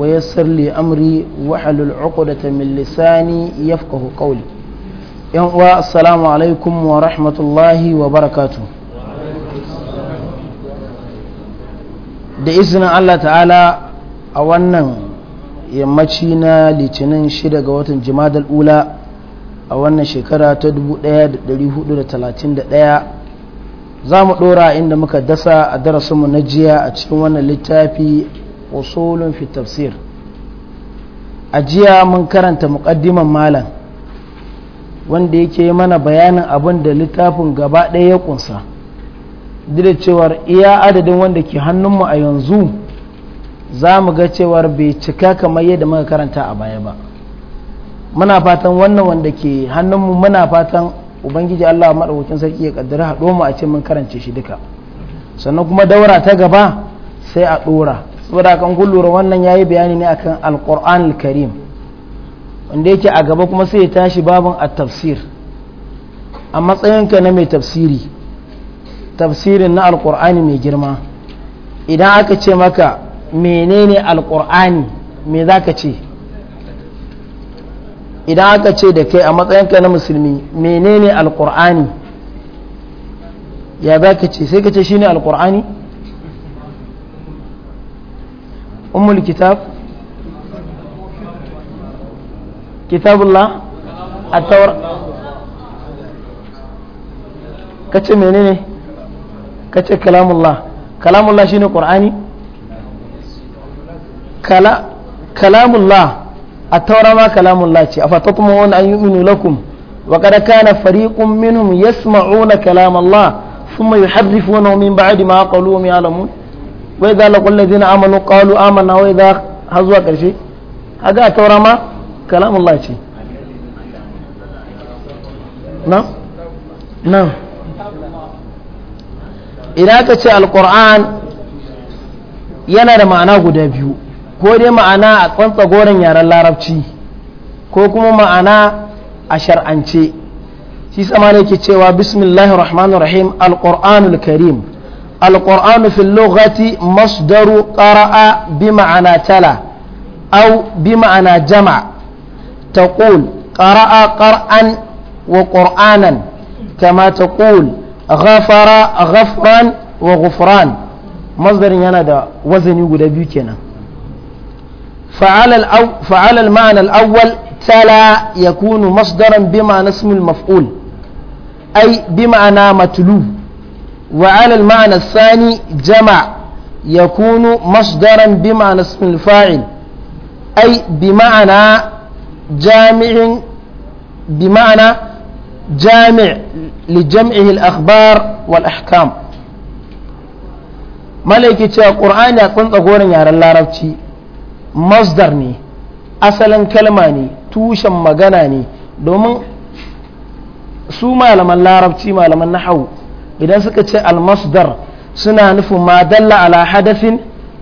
ويسر لي أمري وحل العقدة من لساني يفقه قولي السلام عليكم ورحمة الله وبركاته da izinin Allah ta'ala a wannan yammaci na litinin shida ga watan jimadal ula a wannan shekara ta 1431 za mu ɗora inda muka dasa a darasinmu na jiya a cikin wannan littafi usulun fi tafsir a jiya mun karanta muƙaddiman malam wanda yake mana bayanin abin da littafin gaba ɗaya ya ƙunsa da cewar iya adadin wanda ke hannunmu a yanzu za mu ga cewar bai cika kamar yadda muka karanta a baya ba muna fatan wannan wanda ke hannunmu muna fatan ubangiji allah maɗaukakin sarki ya ƙaddara haɗo mu a ce mun karance shi duka sannan kuma daura ta gaba sai a ɗora saboda kan kun lura wannan yayi bayani ne akan alquran alkarim wanda yake a gaba kuma sai ya tashi babin at-tafsir a matsayinka na mai tafsiri tafsirin na alqur'ani mai girma idan aka ce maka menene alqur'ani me za ka ce idan aka ce da kai a matsayinka na musulmi menene alqur'ani ya ka ce sai ka ce shine alqur'ani ummul kitab kitabullah at-tawra kace menene kace kalamullah kalamullah shine qur'ani kala kalamullah at-tawra ma kalamullah ce afatatmuna an yu'minu lakum wa qad kana fariqun minhum yasma'una kalamallah thumma yuharrifunahu min ba'di ma qalu ya'lamun wai ga laƙon zina amanu ƙalu amana wai za har zuwa ƙarshe a taura ma Allah ce na na idan ka ce alƙur'an yana da ma'ana guda biyu ko dai ma'ana a goron yaren larabci ko kuma ma'ana a shar'ance shi sama ne ke cewa bismillahir rahmanir rahim karim القرآن في اللغة مصدر قرأ بمعنى تلا أو بمعنى جمع تقول قرأ قرأ وقرآنا كما تقول غفر غفرا وغفران مصدر ينادى وزن يقول بيكنا فعلى, الأو فعلى المعنى الأول تلا يكون مصدرا بمعنى اسم المفعول أي بمعنى متلوب وعلى المعنى الثاني جمع يكون مصدرا بمعنى اسم الفاعل أي بمعنى جامع بمعنى جامع لجمعه الأخبار والأحكام ملكة القرآن يقول تقول يا العربي مصدر ني أصلا كلمة ني توشا مغانا ني دومن su malaman larabci malaman nahawu idan suka ce almasdar suna nufin ma dalla ala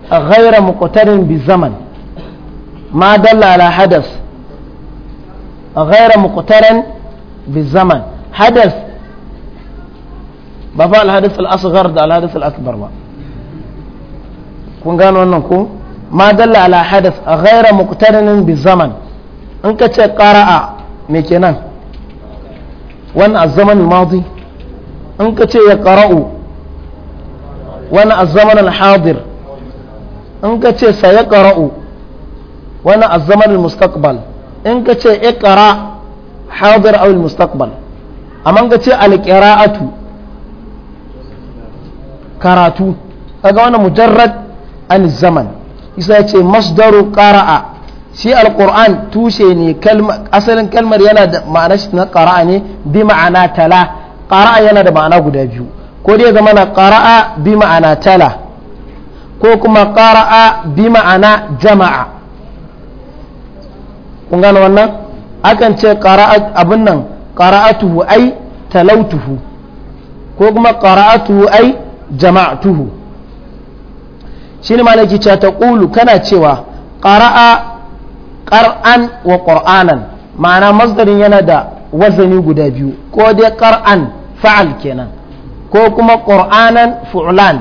a ghaira muqtarin bi zaman ma dalla ala hadas a ghaira muqtarin bi zaman hadas ba fa alhadas al-asghar da alhadas al-akbar ba kun gano wannan ko ma dalla ala hadas a ghaira muqtarin bi zaman in ka ce qara'a me kenan wannan az-zaman al-madi in ka ce ya ƙara'u wani zaman al-hadir in ka ce sa ya ƙara'u wani zaman al-mustaqbal in ka ce ya ƙara hadir a al-mustaqbal amma ka ce al-ƙira'atu karatu kaga wani mujarrad an zaman isa ya ce masdaru ƙara'a shi alƙur'an tushe ne asalin kalmar yana da ma'anar shi na ƙara'a ne bi ma'ana tala qara'a yana da ma'ana guda biyu ko dai zama na qara'a bi ma'ana tala ko kuma qara'a bi ma'ana jama'a kun gane wannan akan ce qara'a abin nan qara'atuhu ai talautuhu ko kuma qara'atuhu ai jama'atuhu shine malaki ta ƙulu kana cewa qara'a qar'an wa qur'anan ma'ana masdarin yana da wazani guda biyu ko dai qar'an fa'al kenan ko kuma qur'anan fu'lan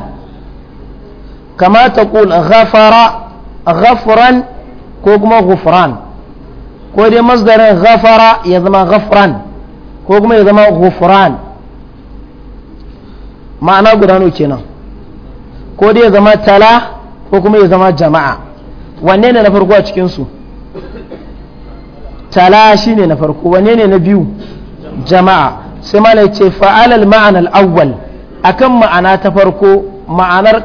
kama taqul ghafara ghafran ko kuma ghufran ko dai masdarin ghafara ya zama ghafran ko kuma ya zama ghufran ma'ana gudano kenan ko dai ya zama tala ko kuma ya zama jama'a wanne ne na farko a cikinsu tala shi ne na farko wanne ne na biyu jama'a sai mala ya ce fa'alal ma'anar awwal akan ma'ana ta farko ma'anar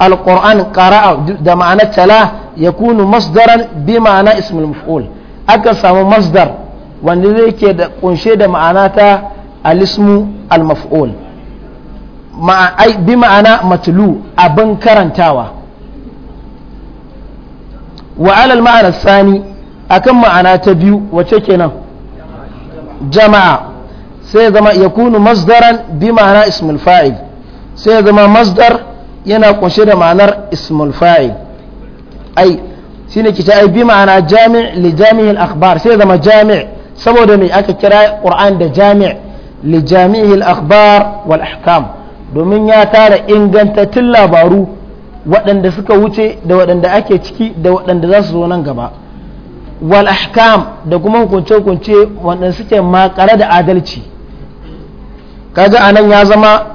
alƙur'an ƙara'a da ma'anar tala ya kunu masdaran bi ma'ana ismul maf'ul akan samu masdar wanda zai ke da kunshe da ma'ana ta alismu al-maf'ul bi ma'ana matulu abin karantawa wa alal ma'anar sani akan ma'ana ta biyu wace kenan jama'a sai ya zama yakunu masdaran bi ma'ana ismul fa'il sai ya zama masdar yana kunshe da ma'anar ismul fa'il ai shine kita ai bi ma'ana jami' li jami'il akhbar sai ya zama jami' saboda me aka kira qur'an da jami' li jami'il akhbar wal ahkam domin ya tara ingantattun labaru waɗanda suka wuce da waɗanda ake ciki da waɗanda za su zo nan gaba wal ahkam da kuma hukunce-hukunce waɗanda suke makare da adalci kaga anan ya zama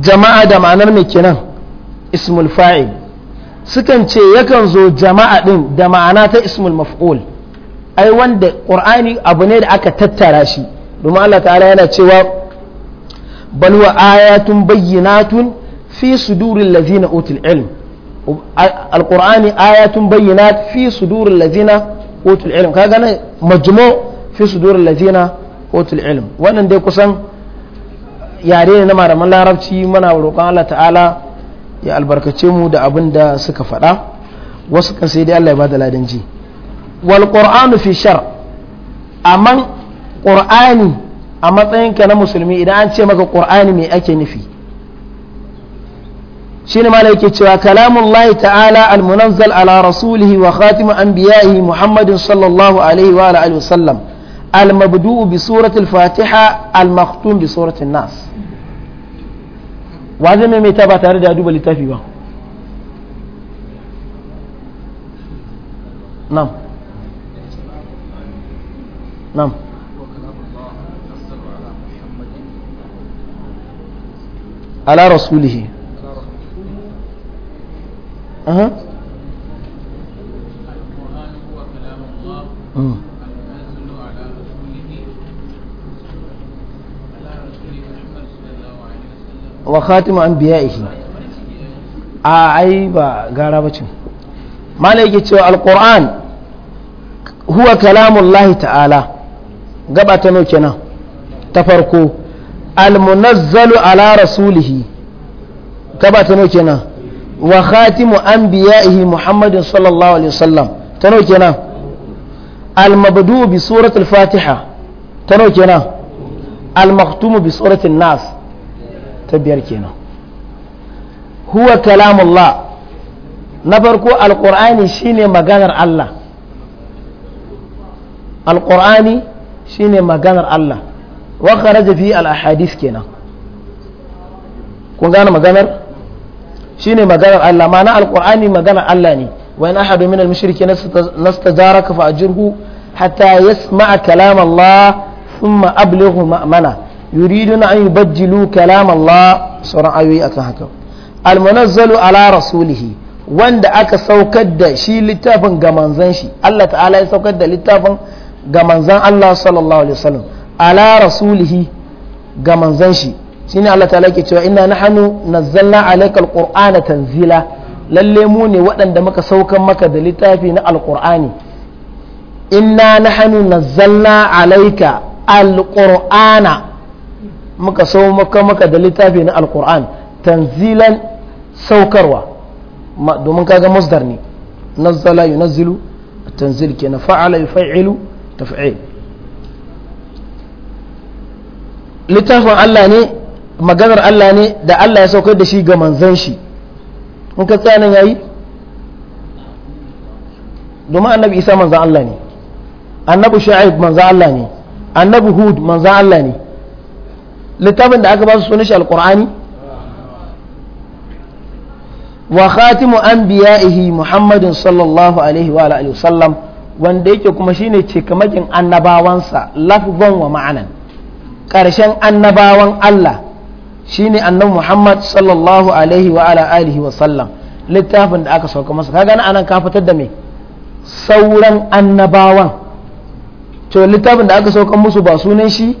jama'a da ma'anar mai kenan ismul fa'il sukan ce yakan zo jama'a din da ma'ana ta ismul maf'ul ai wanda qur'ani abu ne da aka tattara shi domin Allah ta'ala yana cewa bal wa ayatun bayyinatun fi suduril ladzina utul ilm alqur'ani ayatun bayyinat fi suduril ladzina utul ilm kaga ne majmu fi suduril ladzina utul ilm wannan dai kusan yare ne na malaman larabci muna roƙon Allah ta'ala ya albarkace mu da abin da suka faɗa wasu kan sai dai Allah ya bada ladan ji wal qur'anu fi shar amma qur'ani a matsayinka na musulmi idan an ce maka qur'ani me ake nufi shine malai yake cewa kalamullahi ta'ala almunazzal ala rasulihi wa khatimu anbiya'ihi muhammadin sallallahu alaihi wa alihi wa sallam المبدوء بسورة الفاتحة المختوم بسورة الناس وهذا ما يتابع تارد أدوب لتافي با نعم نعم على رسوله أه. القرآن هو كلام الله wa khatimu anbiya'ihi a ai ba gara bacin mala yake cewa alquran huwa kalamullahi ta'ala gaba ta nau kenan ta farko almunazzalu ala rasulihi gaba ta nau kenan wa khatimu anbiya'ihi muhammadin sallallahu alaihi wasallam ta nau kenan المبدوء بسورة الفاتحة تنو كنا المختوم بسورة الناس ta biyar kenan huwa kalamullah na farko alqur'ani shine maganar Allah alqur'ani shine maganar Allah wa kharaja fi al ahadith kenan kun gane maganar shine maganar Allah ma'ana alqur'ani maganar Allah ne wa in ahadu min al mushrikin nastajaraka fa ajirhu hatta yasma'a kalam Allah thumma ablighu ma'mana yuridun na yubajjilu kalam Allah sauran ayoyi akan haka almunazzalu ala rasulihi wanda aka saukar da shi littafin ga manzan Allah ta'ala ya saukar da littafin ga manzan Allah sallallahu alaihi wasallam ala rasulihi ga manzan shi shine Allah ta'ala ke cewa inna nahnu nazzalna alaikal tanzila lalle mu ne waɗanda muka saukan maka da littafi na alqur'ani inna nahnu nazzalna alaika alƙur'ana muka sau maka maka da littafi na alkur'an tanzilan saukarwa domin kaga masdar ne nazzala yunazzilu tanzil ke na fa'ala yufailu taf'il littafin Allah ne maganar Allah ne da Allah ya saukar da shi ga manzan shi in ka tsaya nan yayi domin annabi Isa manzan Allah ne annabi Shu'aib manzan Allah ne annabi Hud manzan Allah ne littafin da aka ba su suna shi alkur'ani wa khatimu anbiya'ihi muhammadin sallallahu alaihi wa alihi wasallam wanda yake kuma shine cikamakin annabawansa lafzan wa ma'anan ƙarshen annabawan Allah shine annabi Muhammad sallallahu alaihi wa ala alihi sallam littafin da aka sauka masa kaga anan ka fitar da me sauran annabawan to littafin da aka sauka musu ba sunan shi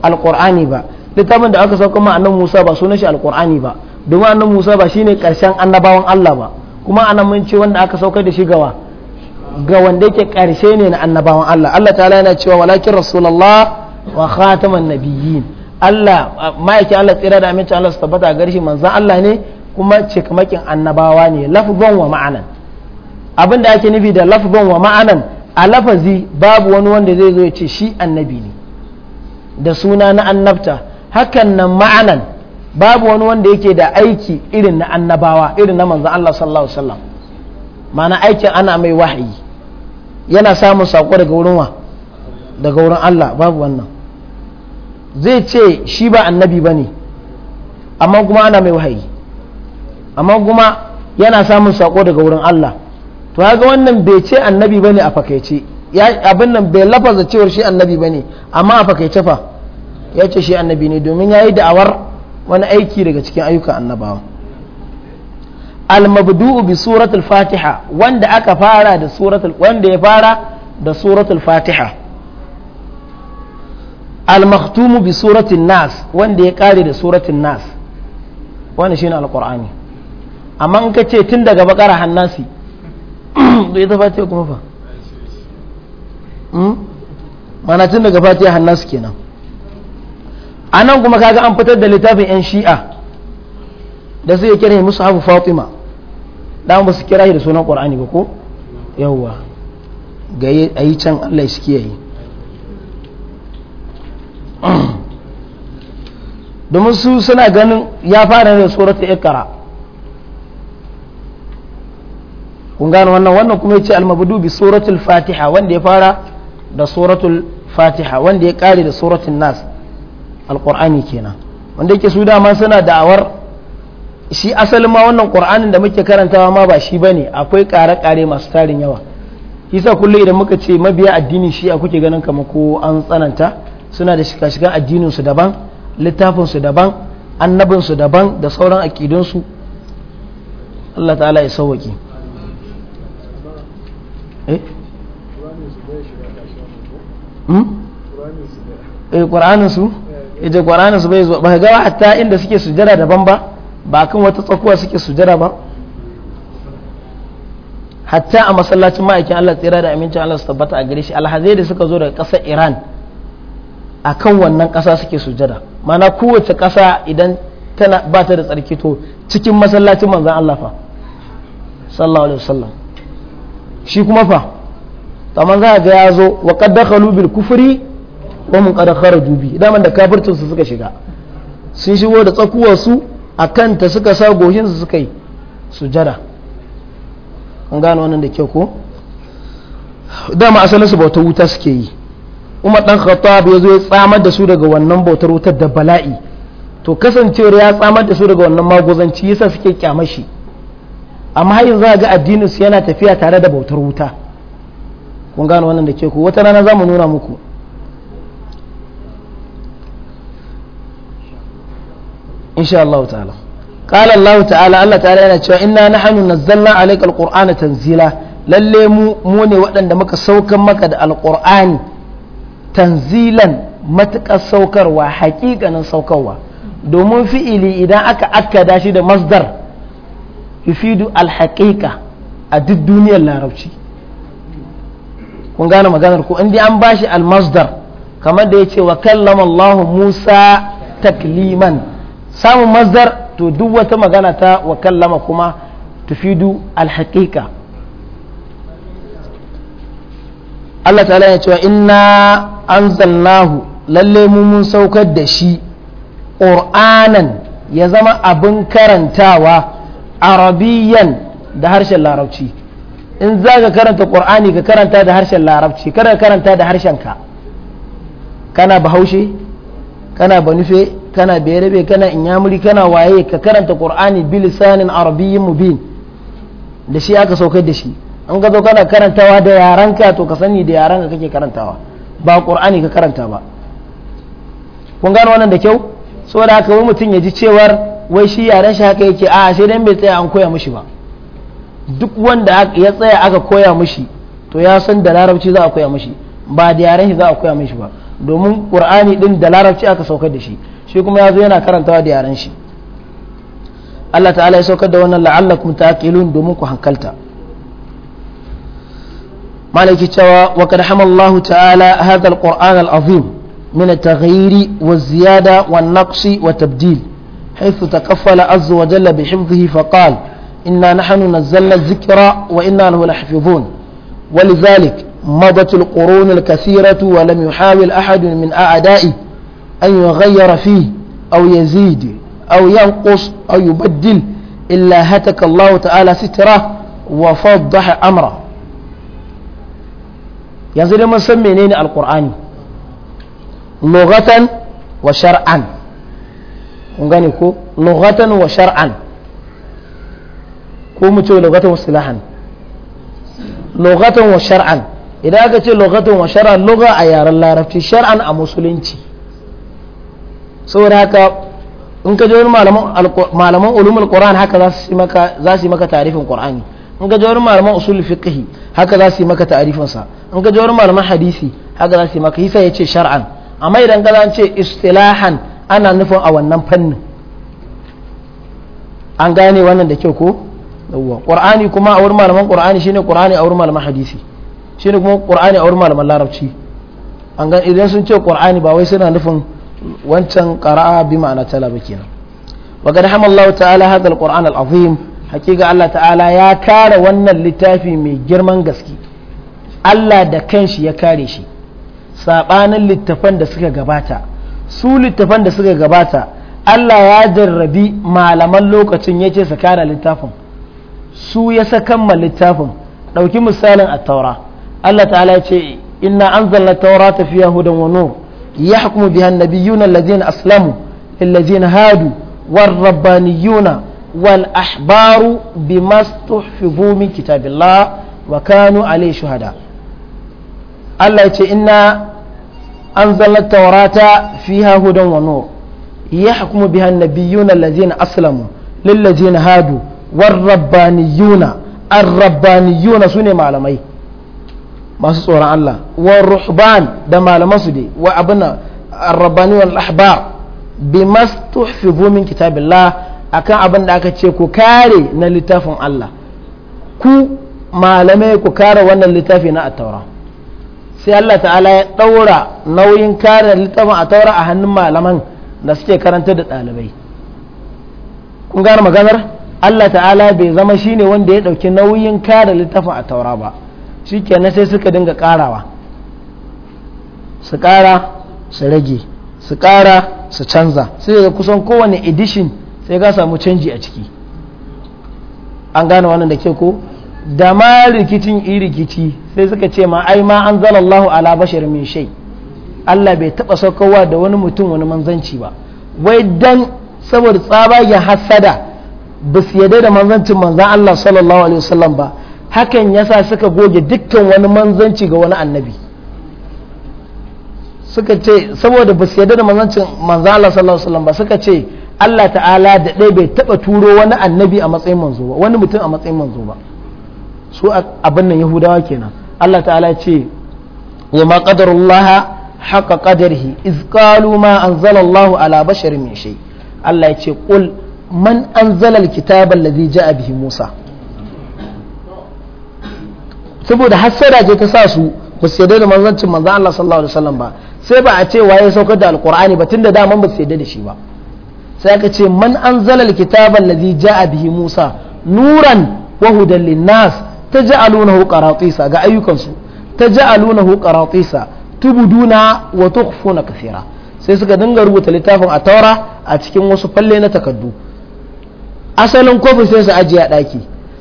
alkur'ani ba littafin da aka sauka ma annabi Musa ba sunan shi alqur'ani ba domin annabi Musa ba shine karshen annabawan Allah ba kuma anan mun ce wanda aka sauka da shi gawa ga wanda yake karshe ne na annabawan Allah Allah ta'ala yana cewa walakin rasulullah wa khataman nabiyyin Allah ma'aikin Allah tsira da aminci Allah su tabbata a garshi manzan Allah ne kuma cikamakin annabawa ne lafzon wa ma'anan abinda ake nufi da lafzon wa ma'anan a lafazi babu wani wanda zai zo ya ce shi annabi ne da suna na annabta hakan nan ma'anan babu wani wanda yake da aiki irin na annabawa irin na manzon Allah sallallahu alaihi wasallam mana aikin ana mai wahayi yana samun sako daga wurin wa daga wurin Allah babu wannan zai ce shi ba annabi bane amma kuma ana mai wahayi amma kuma yana samun sako daga wurin Allah to haka wannan bai ce annabi bane a fakaice abin nan bai lafaza cewar shi annabi bane amma a fakaice fa ya ce shi annabi ne domin ya yi da'awar wani aiki daga cikin ayyukan annabawa al-mabdu'u bi suratul fatiha wanda aka fara da suratul wanda ya fara da suratul fatiha al-makhtumu bi suratul nas wanda ya kare da suratul nas wannan shine al-qur'ani amma in ka ce tun daga bakara hannasi to ita fatiha kuma fa mana hmm? tun daga fatiha hannasi kenan a nan kuma kaga an fitar da littafin 'yan shi'a da su ya kira yi musu hafi fatima dama ba su kira shi da sunan ƙwar'ani ba ko yawwa ga a yi can allah su kiyaye domin su suna ganin ya fara da tsoron ta ikara kun gano wannan wannan kuma ya ce almabudu bi suratul fatiha wanda ya fara da suratul fatiha wanda ya kare da suratul nas alqur'ani kenan wanda yake su dama suna da'awar shi asalin ma wannan qur'anin da muke karantawa ma ba shi bane akwai kare-kare masu tarin yawa yasa kullu idan muka ce mabiya addini shi a kuke ganin kamar ko an tsananta suna da shiga shiga addinin su daban littafin su daban annabin su daban da sauran aqidun su Allah ta'ala ya sauwaki eh hmm? eh qur'anin su yace qur'anin su bai zo ba ga hatta inda suke sujada daban ba ba kan wata tsakuwa suke sujada ba hatta a masallacin ma'aikin Allah tsira da amincin Allah su tabbata a gare shi alhazai da suka zo daga ƙasar Iran a kan wannan ƙasa suke sujada mana kowace ƙasa idan tana ba ta da tsarki to cikin masallacin manzan Allah fa sallallahu alaihi wasallam shi kuma fa to man za ga ya zo wa qad dakhalu bil kufri wa mun kada kharaju bi daman da kafircin su suka shiga sun shigo da tsakuwar su akan ta suka sa goshin su suka yi sujada an gano wannan da kyau ko dama asalin su bauta wuta suke yi umar dan khattab yazo ya tsamar da su daga wannan bautar wutar da bala'i to kasancewar ya tsamar da su daga wannan magozanci yasa suke kyamashi amma har yanzu ga addinin su yana tafiya tare da bautar wuta kun gano wannan da ke ko wata rana za mu nuna muku insha Allah ta'ala qala Allah ta'ala Allah ta'ala yana cewa inna nahnu nazzalna alayka alqur'ana tanzila lalle mu mu ne waɗanda muka saukan maka da alqur'ani tanzilan matuƙar saukarwa haƙiƙanin saukarwa domin fi'ili idan aka akkada shi da masdar yufidu alhaƙiƙa a duk duniyar larabci kun gane maganar ko inda an bashi almasdar kamar da ya ce wa kallama Allah Musa takliman samun mazar to duk wata magana ta wa kallama kuma tufidu alhaqiqa Allah ta'ala ya cewa inna anzalnahu lalle mu mun saukar da shi qur'anan ya zama abin karantawa arabiyan da harshen larabci in za ka karanta qur'ani ka karanta da harshen larabci kada ka karanta da harshen ka kana bahaushe kana banufe kana berebe kana inyamuri kana waye ka karanta qur'ani bil lisanin arabiyyin mubin da shi aka saukar da shi an ga zo kana karantawa da yaranka to ka sani da yaranka kake karantawa ba qur'ani ka karanta ba kun gano wannan da kyau saboda haka wani mutum ya ji cewar wai shi yaran shi haka yake a sai dan bai tsaya an koya mishi ba duk wanda ya tsaya aka koya mishi to ya san da larabci za a koya mishi ba da yaren shi za a koya mishi ba domin qur'ani din da larabci aka saukar da shi shi kuma ya zo yana karanta da yaran shi Allah ta'ala ya saukar da wannan la'allakum ta'qilun domin ku hankalta malaki cewa wa kad hamallahu ta'ala hadha alquran alazim min at-taghyir wa ziyada wa an-naqs wa tabdil haythu taqaffala azza wa jalla bi hifdhihi fa qala inna nahnu nazzalna adh-dhikra wa inna lahu lahafizun ولذلك مضت القرون الكثيرة ولم يحاول أحد من أعدائه أن يغير فيه أو يزيد أو ينقص أو يبدل إلا هتك الله تعالى ستره وفضح أمره yanzu dai mun san menene alkur'ani lughatan wa shar'an kun gane ko lughatan wa shar'an ko mu ce lughatan wa silahan lughatan wa shar'an idan aka ce lughatan wa a yaren larabci shar'an a musulunci saboda haka in ka je malaman ulumul qur'an haka za su maka maka tarifin qur'ani in ka je malaman usul fiqh haka za su maka tarifin sa in ka je malaman hadisi haka za su maka hisa ce shar'an amma idan ka zan ce istilahan ana nufin a wannan fannin an gane wannan da kyau ko yawwa qur'ani kuma a wurin malaman qur'ani shine qur'ani a wurin malaman hadisi shine kuma qur'ani a wurin malaman larabci an gane idan sun ce qur'ani ba wai suna nufin wancan ƙara'a bi ma'ana talaba kenan wa qad hamallahu ta'ala hada al-qur'an al-azim hakika Allah ta'ala ya kare wannan littafi mai girman gaske Allah da kanshi ya kare shi sabanin littafan da suka gabata su littafan da suka gabata Allah ya jarrabi malaman lokacin ya ce su kare littafin su ya sakamma littafin ɗauki misalin a taura Allah ta'ala ya ce inna anzalna taura tafiya hudan wa nur يحكم بها النبيون الذين أسلموا الذين هادوا والربانيون والأحبار بما استحفظوا من كتاب الله وكانوا عليه شهداء الله يتي إنا أنزل التوراة فيها هدى ونور يحكم بها النبيون الذين أسلموا للذين هادوا والربانيون الربانيون سنة معلمين masu tsoron Allah wa ruhban da malaman su dai wa abuna arrabani wal ahbar bi mastuhfizu min kitabillah akan abin da aka ce ku kare na littafin Allah ku malamai ku kare wannan littafi na at-taura sai Allah ta'ala ya daura nauyin kare littafin at-taura a hannun malaman da suke karanta da dalibai kun gane maganar Allah ta'ala bai zama shine wanda ya dauki nauyin kare littafin a taura ba shi kenan sai suka dinga karawa su kara su rage su kara su canza sai da kusan kowane edition sai ga samu canji a ciki an gane wannan da ke ko da ma rikicin iri rikici sai suka ce ma ai ma an Allahu ala bashar min shai Allah bai taba saukowa da wani mutum wani manzanci ba wai dan saboda tsabagen hasada ba su yadda da manzancin manzan Allah sallallahu alaihi wasallam ba hakan yasa suka goge dukkan wani manzanci ga wani annabi suka ce saboda ba su yadda da manzancin manzo Allah sallallahu alaihi wasallam ba suka ce Allah ta'ala da ɗaya bai taɓa turo wani annabi a matsayin manzo ba wani mutum a matsayin manzo ba su abin nan yahudawa kenan Allah ta'ala ce wa ma qadarullah haka qadarihi iz qalu ma Allah ala bashar min shay Allah ya ce qul man anzala alkitaba allazi ja'a bihi Musa saboda hassada je ta sa su ba su yarda da manzancin manzan Allah sallallahu alaihi wasallam ba sai ba a ce waye saukar da alqur'ani ba tunda da man ba su yarda da shi ba sai aka ce man anzala alkitaba allazi ja'a bihi Musa nuran wa hudan linnas taj'alunahu qaratisa ga ayyukan su taj'alunahu qaratisa tubuduna wa tukhfuna kathira sai suka dinga rubuta littafin a taura a cikin wasu falle na takaddu asalin kofin sai su ajiye a ɗaki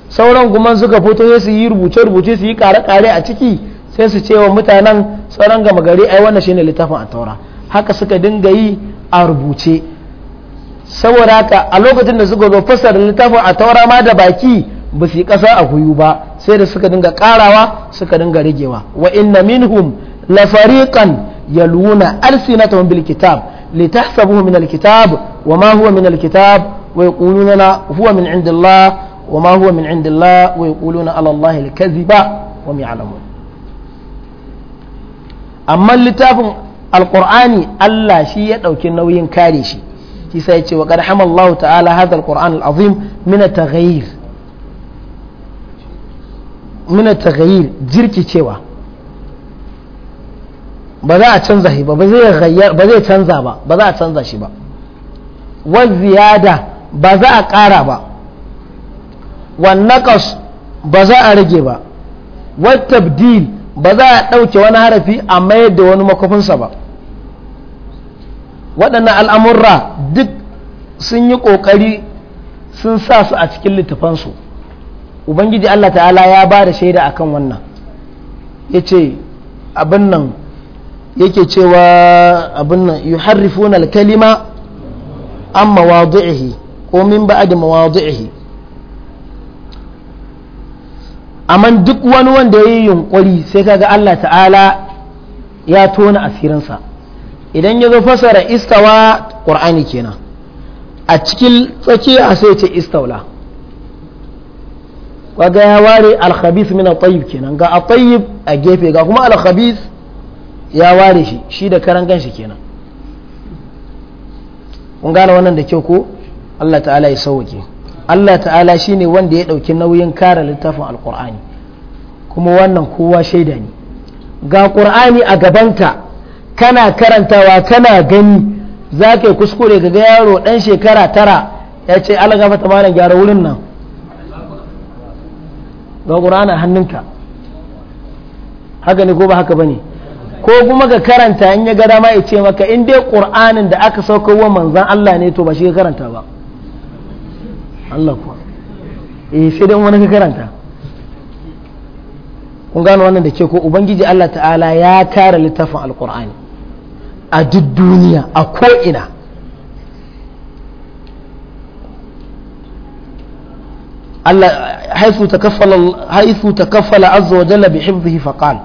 sauran kuma suka fito sai su yi rubuce-rubuce su yi kare-kare a ciki sai su ce wa mutanen sauran gama gari ai wannan shine littafin a taura haka suka dinga yi a rubuce saboda haka a lokacin da suka zo fassara littafin a taura ma da baki ba su yi ƙasa a huyu ba sai da suka dinga ƙarawa suka dinga ragewa wa inna minhum la fariqan yaluna alsinatahum bil kitab litahsabuhu min al kitab wa ma huwa min al kitab wa yaquluna huwa min indillah وما هو من عند الله ويقولون على الله الكذب وهم يعلمون أما اللتاف القرآن الله شيء يدعوكي نوين كاريشي يسايتي وقد حمى الله تعالى هذا القرآن العظيم من التغيير من التغيير جركي تيوا ba za a canza shi ba ba zai canza ba ba za a canza shi ba wa ziyada ba za a ƙara ba wan naqas ba za a rage ba wat dil ba za a ɗauke wani harafi a mayar da wani makofinsa ba waɗannan al'amurra duk sun yi ƙoƙari sun sa su a cikin littafansu ubangiji allah ta'ala ya ba da shaida a kan wannan ya ce abin nan yake cewa abin nan yi harrifun alkalima an mawadu'ihi ko min ba'ad mawadu'ihi amma duk wani wanda ya yi yunkuri sai kaga Allah ta'ala ya tona asirinsa idan ya zo fasara istawa ƙur'ani kenan a cikin tsakiya sai ce istawla kaga ya ware alkhabis min al tayyib kenan ga al tayyib a gefe ga kuma alhabis ya ware shi shi da karan ganshi kenan kun gane wannan da kyau ko Allah ta'ala ya sauke Allah ta'ala shi ne wanda ya ɗauki nauyin kare littafin alkur'ani kuma wannan kowa shaida ne ga ƙur'ani a gabanta kana karantawa kana gani za ka yi kuskure ga yaro ɗan shekara tara ya ce Allah gafa gyara wurin nan ga ƙur'ani a hannunka haka ne ko ba haka ba ne ko kuma ga karanta in ya ga dama ya ce maka in dai ƙur'anin da aka saukowa manzan Allah ne to ba shi ka karanta ba Allah kuwa eh sai dan wani ka karanta kun gano wannan da ke ko ubangiji Allah ta'ala ya kare littafin alkur'ani a duk duniya a ko'ina haifu ta kaffala azza wa jalla bi hifzihi faqal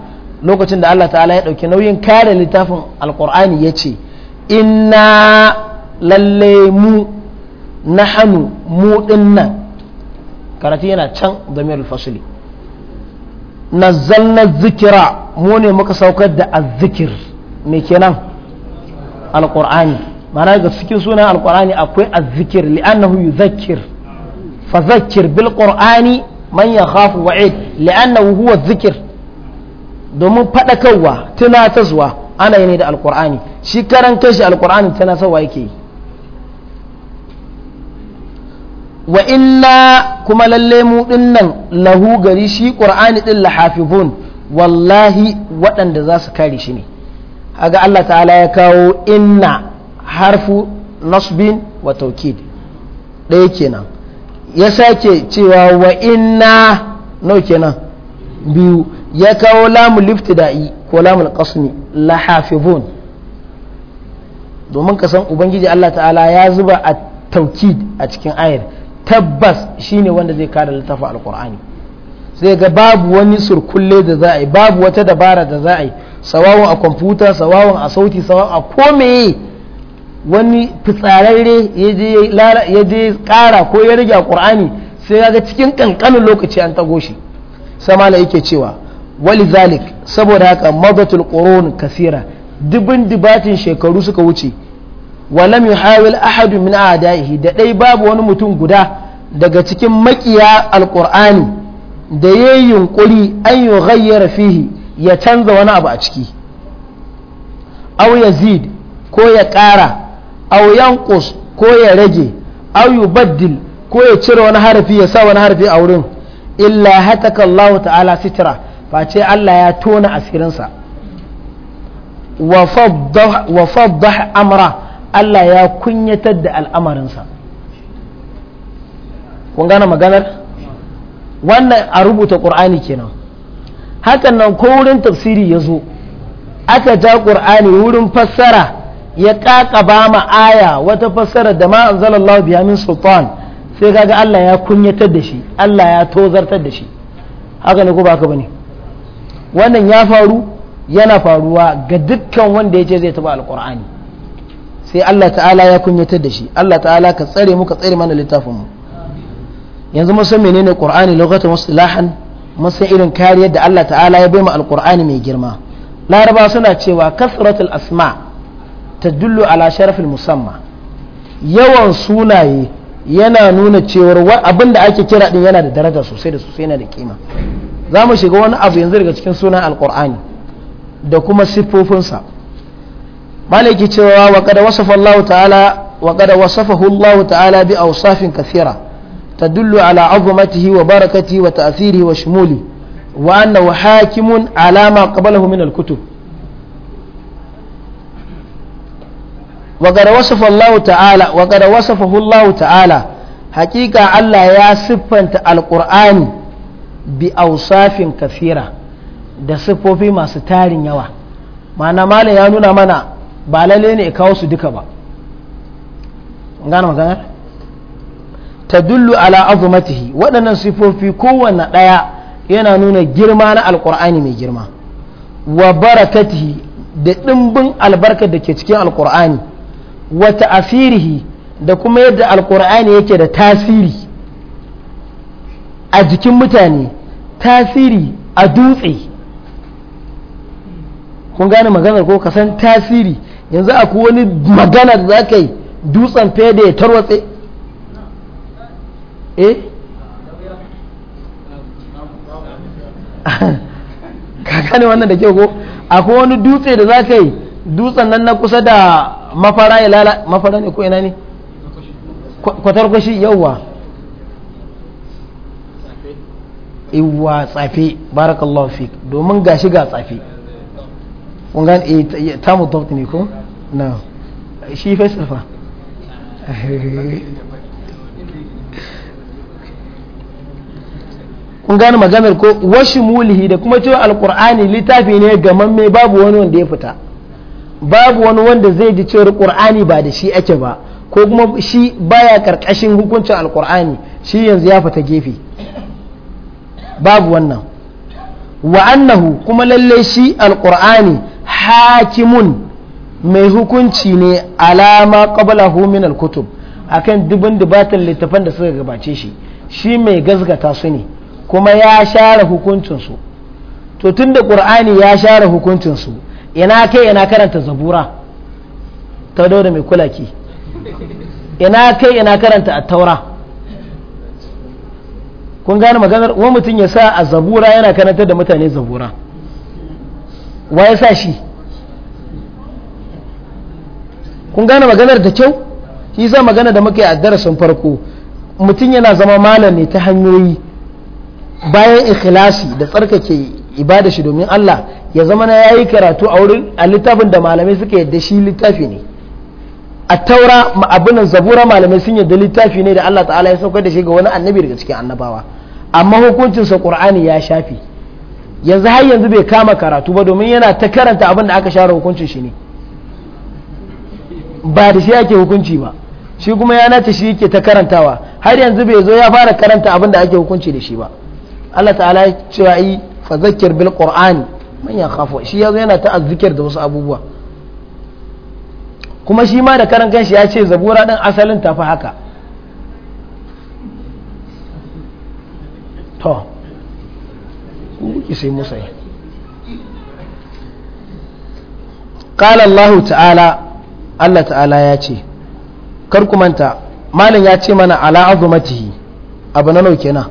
lokacin da Allah ta'ala ya ɗauki nauyin kare littafin alkur'ani yace inna lalle mu nahanu mu dinnan karatu yana can damir fasli nazzalna zikira mu ne muka saukar da azzikir me kenan alqur'ani ma'ana ga cikin sunan alqur'ani akwai azzikir li'annahu yuzakkir fazakkir bil qur'ani man yakhafu wa'id li'annahu huwa zikir domin faɗakarwa tunatarwa ana yi ne da alƙur'ani shi karan kashi alqur'ani tunatarwa yake yi wa inna kuma lalle mu nan lahu gari shi qur'ani din lahafizun wallahi waɗanda za su kare shi ne aga Allah ta'ala ya kawo inna harfu nasbin wa taukid ɗaya kenan ya sake cewa wa inna nau kenan biyu ya kawo lamu liftida'i ko lamu qasmi lahafizun domin ka san ubangiji Allah ta'ala ya zuba a taukid a cikin ayar tabbas shine wanda zai kare littafin alkur'ani sai ga babu wani surkulle da za a yi babu wata dabara da za a yi sawawun a kwamfuta sawawun a sauti sawawun a komeye wani fitsararre ya je kara ko ya rage a ƙur'ani sai ya ga cikin ƙanƙanin lokaci an tago shi samala yake cewa wali zalik saboda haka mazatul ƙoron kasira dubin dibatin shekaru suka wuce wa lam yuhawil ahadu min a'da'ihi da dai babu wani mutum guda daga cikin makiya alqur'ani da yayi yunkuri an yughayyara fihi ya canza wani abu a ciki aw yazid ko ya ƙara aw yanqus ko ya rage aw yubaddil ko ya cire wani harafi ya sa wani harafi a wurin illa hataka Allah ta'ala sitra face Allah ya tona asirinsa wa faddah amra Allah ya kunyatar da al'amarinsa kun gane maganar wannan a rubuta ƙur'ani kenan hakan nan ko wurin tafsiri ya zo aka ja ƙur'ani wurin fassara ya ƙaƙaba ma aya wata fassara da ma anzalallahu biya min sultan sai kaga Allah ya kunyatar da shi Allah ya tozartar da shi haka ne ko ba ka bane wannan ya faru yana faruwa ga dukkan wanda ya ce zai taɓa alƙur'ani sai Allah ta'ala ya kunyatar da shi Allah ta'ala ka tsare mu ka tsare mana littafin mu yanzu mun san menene qur'ani lughatan wasilahan mun san irin kariyar da Allah ta'ala ya mu qurani mai girma laraba suna cewa kasratul asma tadullu ala sharafil musamma yawan sunaye yana nuna cewar abin da ake kira din yana da daraja sosai da sosai yana da kima za mu shiga wani abu yanzu daga cikin sunan alkur'ani da kuma siffofinsa malaki cewa wa kada wasafa Allah ta'ala wa kada wasafahu Allah ta'ala bi awsafin kathira tadullu ala azmatihi wa barakatihi wa ta'thirihi wa shumuli wa annahu hakimun ala ma qablahu min al-kutub wa kada wasafa Allah ta'ala wa kada wasafahu Allah ta'ala hakika Allah ya siffanta alqur'ani bi awsafin kathira da siffofi masu tarin yawa ma'ana malam ya nuna mana ba lalle ne kawo su duka ba gane magana ta dullu ala azumatihi waɗannan sifofi kowanne ɗaya yana nuna girma na alƙur'ani mai girma wa barakatihi da ɗimbin albarkar da ke cikin alƙur'ani wa ta'asirihi da kuma yadda alƙur'ani yake da tasiri a jikin mutane tasiri a dutse kun gane maganar ko kasan tasiri yanzu akwai wani magana da za ka yi dutsen fede tarwatse eh kaka ne wannan da ke ko akwai wani dutse da za ka yi dutsen nan na kusa da mafara ya lala mafara ne ko ina ne kwatar kwashi yawwa iwa tsafi barakallahu fik domin gashi ga tsafi kun eh, ta tamu ne ko na shi kun gane maganar ko washi mulihi da kuma cewa alkur'ani littafi ne ga mamme babu wani wanda ya fita babu wani wanda zai ji cewar qur'ani ba da shi ake ba ko kuma shi baya karkashin hukuncin alkur'ani shi yanzu ya fita gefe babu wannan wa kuma lallai shi alkur'ani hakimun mai hukunci ne alama qablahu min al-kutub akan dubin dubatan littafan da suka gabace shi shi mai gazgata su ne kuma ya share hukuncin su to tunda qur'ani ya share hukuncin su ina kai ina karanta zabura ta da mai kulaki ina kai ina karanta at-taura kun gane maganar wani mutum ya sa a zabura yana karanta da mutane zabura wa ya sa shi kun gane maganar da kyau shi za magana da yi a darasin farko mutum yana zama malam ne ta hanyoyi bayan ikhlasi da tsarkake ibada shi domin Allah ya zama na yayi karatu a wurin a littafin da malamai suka yadda shi littafi ne a taura abin zabura malamai sun yadda littafi ne da Allah ta'ala ya saukar da shi ga wani annabi daga cikin annabawa amma hukuncinsa qur'ani ya shafi yanzu har yanzu bai kama karatu ba domin yana ta karanta abin da aka share hukuncin shi ne ba da shi ake hukunci ba shi kuma ya nace shi yake ta karantawa har yanzu bai zo ya fara karanta abin da ake hukunci da shi ba Allah ta'ala ya ce ai fa zakkir bil qur'an man yakhafu shi yazo yana ta azzikir da wasu abubuwa kuma shi ma da karan kanshi ya ce zabura din asalin tafi haka to sai musai قال الله تعالى Allah ta'ala ya ce kar manta malam ya ce mana ala azumatihi abu na nauke na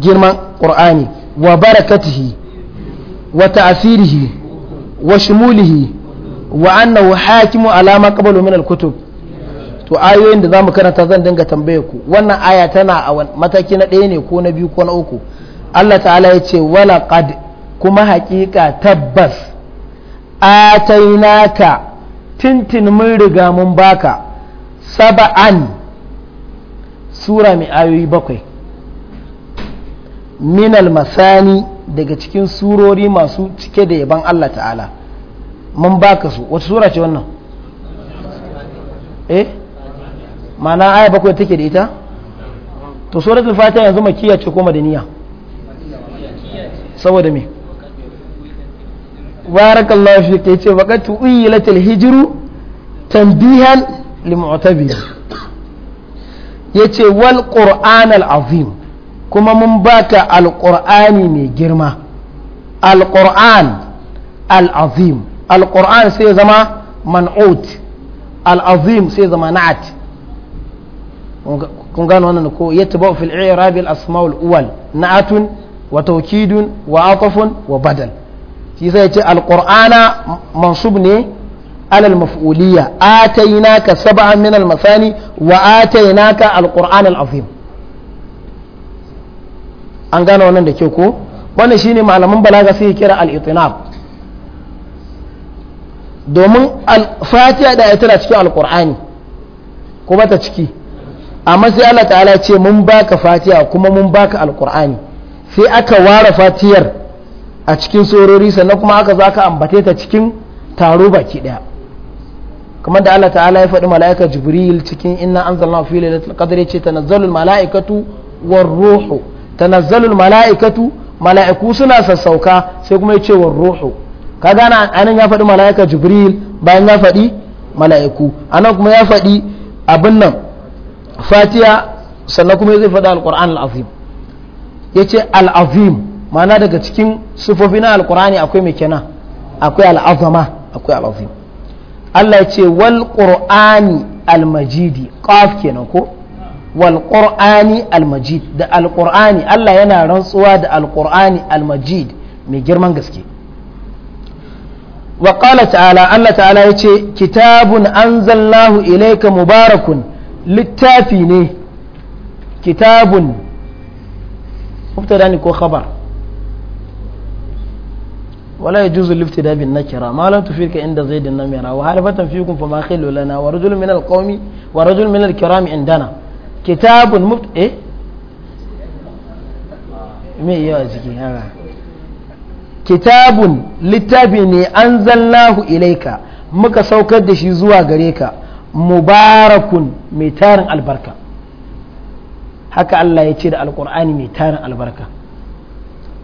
girman ƙur'ani, wa barakatihi wa ta'asirihi wa shumulihi wa annahu hakimu ala ma qablu min alkutub to ayoyin da zamu karanta zan dinga tambaye ku wannan aya tana a mataki na ɗaya ne ko na biyu ko na uku Allah ta'ala ya ce wala qad kuma haƙiƙa tabbas atainaka tintin mun riga mun baka saba'an sura mai ayoyi bakwai minal masani daga cikin surori masu cike da yaban Allah ta'ala mun baka su wata sura ce wannan eh mana aya bakwai take da ita to suratul fatiha yanzu makiya ce ko madaniya saboda me barakallahu fi ke ce baka tu'ilat al-hijru tanbihan li mu'tabir yace wal qur'an al kuma mun baka al-qur'ani mai girma al-qur'an al-azim sai zama man'ut al-azim sai zama na'at kun gano ko yatba'u fil i'rab al-asma'ul awwal na'atun wa tawkidun wa atafun wa badal shi sai ya ce alqur'ana mansub ne alal maf'uliyya atainaka sab'an min al wa atainaka alqur'an al-azim an gano wannan da ke ko wannan shine malaman balaga sai kira al domin al da tana cikin Alƙur'ani kuma ta ciki amma sai Allah ta'ala ce mun baka fatiya kuma mun baka Alƙur'ani sai aka ware fatiyar a cikin tsorori sannan kuma haka za ka ambate ta cikin taro baki daya kamar da Allah ta'ala ya faɗi mala'ika jibril cikin inna anzalna fi lailatul qadri ce tanazzalul mala'ikatu war ruhu tanazzalul mala'ikatu mala'iku suna sassauka sai kuma ya ce war ruhu kaga anan ya faɗi mala'ika jibril bayan ya faɗi mala'iku anan kuma ya faɗi abin nan fatiha sannan kuma ya zai faɗi alquran Al'azim ya yace Al'azim. ma'ana daga cikin sufofi na alkur'ani akwai mai kenan akwai al'azama akwai al'azim Allah ya ce wal qur'ani almajidi qaf kenan ko wal qur'ani al-majid da alƙur'ani Allah yana rantsuwa da al almajid mai girman gaske wa qala ta'ala Allah ta'ala ya ce kitabun anzalnahu ilayka mubarakun littafi ne kitabun mubtada ne ko khabar ولا يجوز الابتداء بالنكرة ما لم تفيدك عند زيد النمرة وهالفة فيكم فما خل لنا ورجل من القوم ورجل من الكرام عندنا كتاب مبت إيه me yawa jiki kitabun littafi ne an zallahu ilaika muka saukar da shi zuwa gare mubarakun mai tarin albarka haka Allah ya ce da alkur'ani mai tarin albarka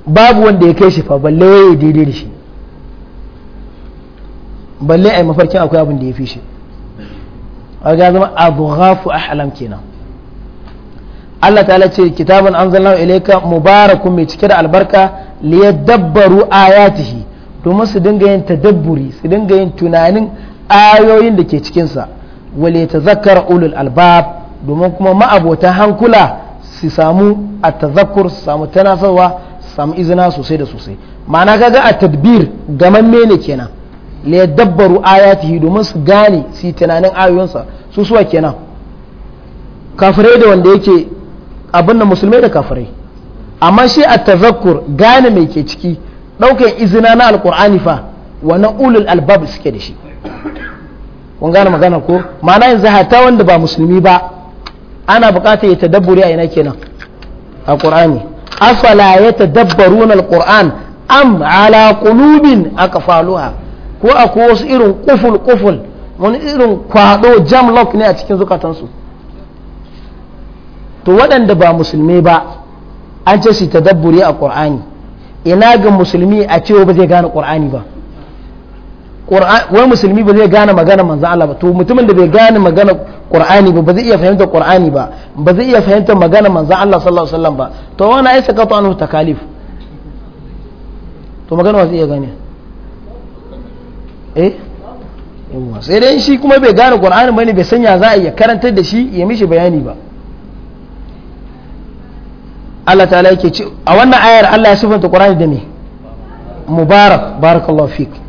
babu wanda ya kai shi fa balle ya daidai da shi balle a mafarkin akwai abin da ya fi shi a ga zama abu ghafu ahlam kenan Allah ta'ala ce kitabun an zallahu ilaika mubarakun mai cike da albarka li yadabbaru ayatihi domin su dinga yin tadabburi su dinga yin tunanin ayoyin da ke cikinsa wal zakar ulul albab domin kuma ma'abota hankula su samu a tazakkur su samu tanasarwa samu izina sosai da sosai ma'ana kaga a tadbir gaman ne kenan li yadabbaru ayatihi domin su gane su tunanin ayoyinsa su suwa kenan kafirai da wanda yake abin da musulmai da kafirai amma shi a tazakkur gane mai ke ciki ɗaukan izina na alkur'ani fa wannan ulul albab suke da shi kun gane magana ko ma'ana yanzu hata wanda ba musulmi ba ana bukatar ya tadabburi a ina kenan a qur'ani afala ya tadabbarun alquran am ala aka akfaluha ko akwai wasu irin kuful kuful wani irin kwaɗo jam lock ne a cikin zukatansu to waɗanda ba musulmi ba an ce su tadabburi a qur'ani ina ga musulmi a cewa ba zai gane qur'ani ba wai musulmi ba zai gane magana manzan Allah ba to mutumin da bai gane magana Qur'ani ba ba zai iya fahimtar Qur'ani ba ba zai iya fahimtar magana manzan Allah sallallahu alaihi wasallam ba to wani ai saka to anu takalif to magana ba zai iya gane eh yawa sai dai shi kuma bai gane Qur'ani ne bai sanya za a iya karantar da shi ya mishi bayani ba Allah ta'ala yake ce a wannan ayar Allah ya sifanta Qur'ani da me mubarak barakallahu fik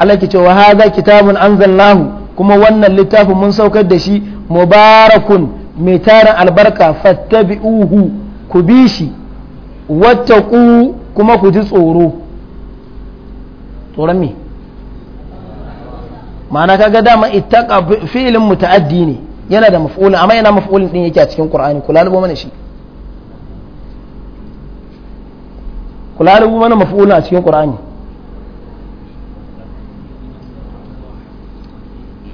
Allah ke cewa hadha kitabun anzalnahu kuma wannan littafin mun saukar da shi mubarakun mai tarin albarka fattabi uhu ku bi shi wata wattaqu kuma ku ji tsoro tsoron me ma'ana kaga dama ittaqa fi'lin ta'addi ne yana da maf'ulin amma yana maf'ulin din yake a cikin ƙur'ani kula lubo mana shi kula da mana maf'ulin a cikin ƙur'ani.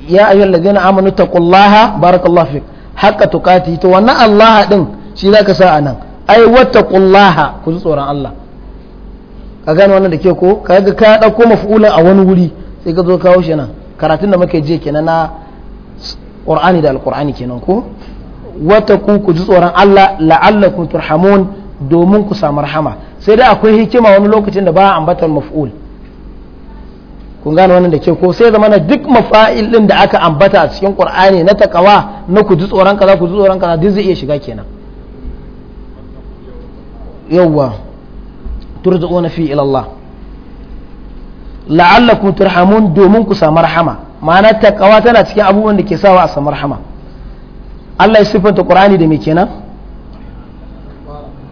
ya ayyuhal ladina amanu taqullaha barakallahu haka haqqa tuqati to wannan Allah din shi zaka sa anan ai wattaqullaha ku ji tsoron Allah ka gane wannan da ke ko kaga ka dauko maf'ulan a wani wuri sai ka zo nan karatun da muke je kenan na qur'ani da alqur'ani kenan ko wattaqu ku ji tsoron Allah la'allakum turhamun domin ku samu rahama sai dai akwai hikima wani lokacin da ba a ambatar maf'ul kun gane wannan da ke ko sai na duk mafa'il din da aka ambata a cikin qur'ani na takawa na ku ji tsoron kaza ku ji tsoron kaza duk zai iya shiga kenan yawwa turzuuna fi ila Allah la'allakum turhamun domin ku samu rahama ma'ana takawa tana cikin abubuwan da ke sawa a samu rahama Allah ya sifanta Qur'ani da me kenan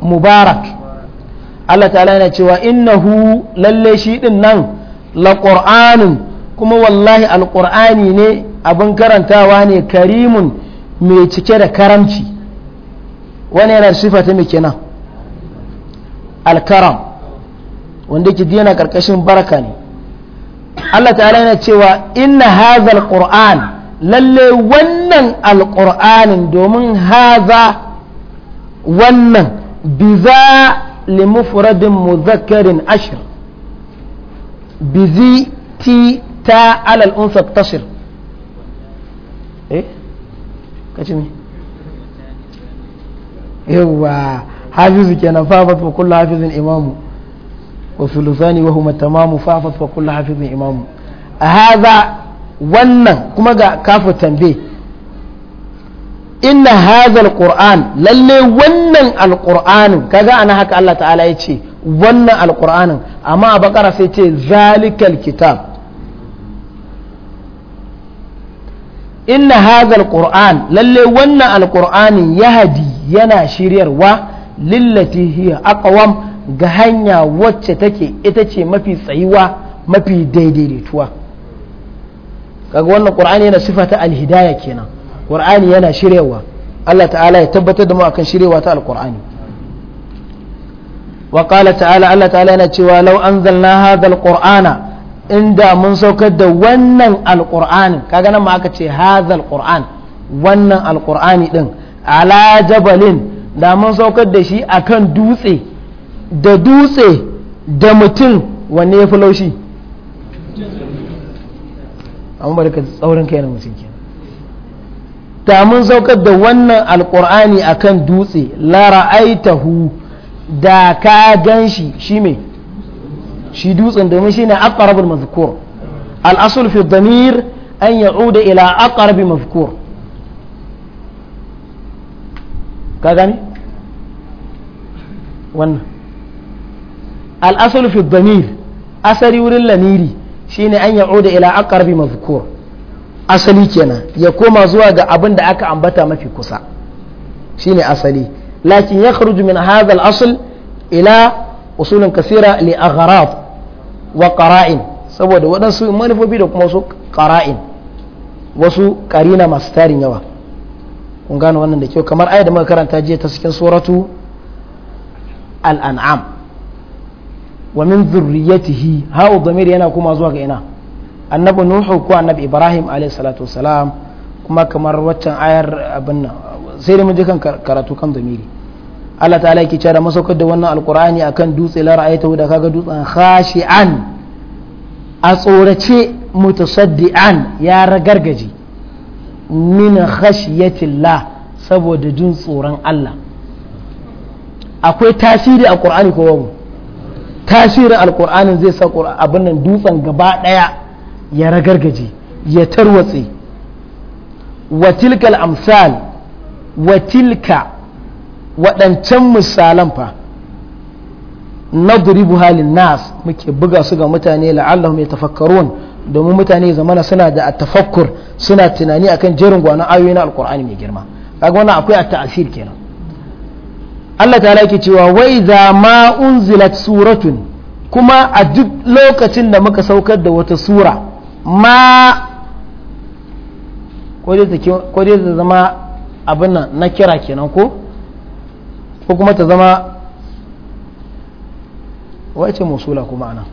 mubarak Allah ta'ala yana cewa innahu lalle shi din nan laƙur'anin kuma wallahi Alƙur'ani ne abin karantawa ne karimun mai cike da karamci wani yana sifata sifa mai alkaram wanda ke dina ƙarƙashin baraka ne Allah ta'ala yana cewa inna haza alqur'an lalle wannan Alƙur'ani domin haza wannan biza limufradin muzakkarin ashir bizi ti ta alal unsa tashir eh kace me yawa hafizu kenan fafat fa kullu hafizin imamu wa sulusani wa huma tamamu fafat fa kullu hafizin imamu a haza wannan kuma ga kafu tambe inna hadha alquran lalle wannan alqur'anin kaga ana haka Allah ta'ala ya ce. wannan alkur'anin amma a bakara sai ce zalikal kitab inna hadha alquran lalle wannan alqur'ani Yahadi yana shiryarwa lillati hiya aqwam ga hanya wacce take ita ce mafi tsayuwa mafi daidaituwa kaga wannan qur'ani yana sifata alhidaya kenan qur'ani yana shiryarwa Allah ta'ala ya tabbatar da mu akan shiryarwa ta alqur'ani wa qala ta'ala Allah ta'ala yana cewa law anzalna hadha alqur'ana inda mun saukar da wannan alqur'ani kaga nan ma aka ce hadha alqur'an wannan alqur'ani din ala jabalin da mun saukar da shi akan dutse da dutse da mutum ya fi laushi da mun saukar da wannan alqur'ani akan dutse la ra'aitahu da ka gan shi shi me shi dutsen domin shi ne akwarabin mazkur al’asul fi damir an ya'uda ila akwarabin mazkur ka gani wannan al’asul fi damir asali wurin lamiri shine an ya'uda ila akwarabin mazkur asali kenan ya koma zuwa ga abin da aka ambata mafi kusa Shi ne asali لكن يخرج من هذا الأصل إلى أصول كثيرة لأغراض وقرائن saboda waɗansu manufofi da kuma wasu ƙara'in wasu ƙarina masu tarin yawa kun gano wannan da kyau kamar ayat da muka karanta jiya ta cikin suratu al'an'am wa min zurriyatihi ha'u damir yana kuma zuwa ga ina annabi nuhu ko annabi ibrahim alayhi salatu wasalam kuma kamar waccan ayar abin nan sai da mun je kan karatu kan zamiri Allah ta'ala yake cewa mun saukar da wannan alqur'ani akan dutse la ra'aytahu da kaga dutsen khashi'an a tsorace mutasaddian ya ragargaje min khashiyatillah saboda jin tsoron Allah akwai tasiri a qur'ani ko babu tasirin alqur'anin zai sa abin nan dutsen gaba daya ya ragargaje ya tarwatse wa tilkal amsal wa tilka waɗancan misalan fa na halin nas muke buga su ga mutane mai yatafakkarun domin mutane zamana suna da tafakkur suna tunani akan jerin gwanon ayoyi na alkur'ani mai girma kaga wannan akwai a tasir kenan Allah ta yake cewa wai za ma unzilat suratun kuma a duk lokacin da muka saukar da wata sura ma ko dai zama abin nan na kira kenan ko ko kuma ta zama wace musula kuma anan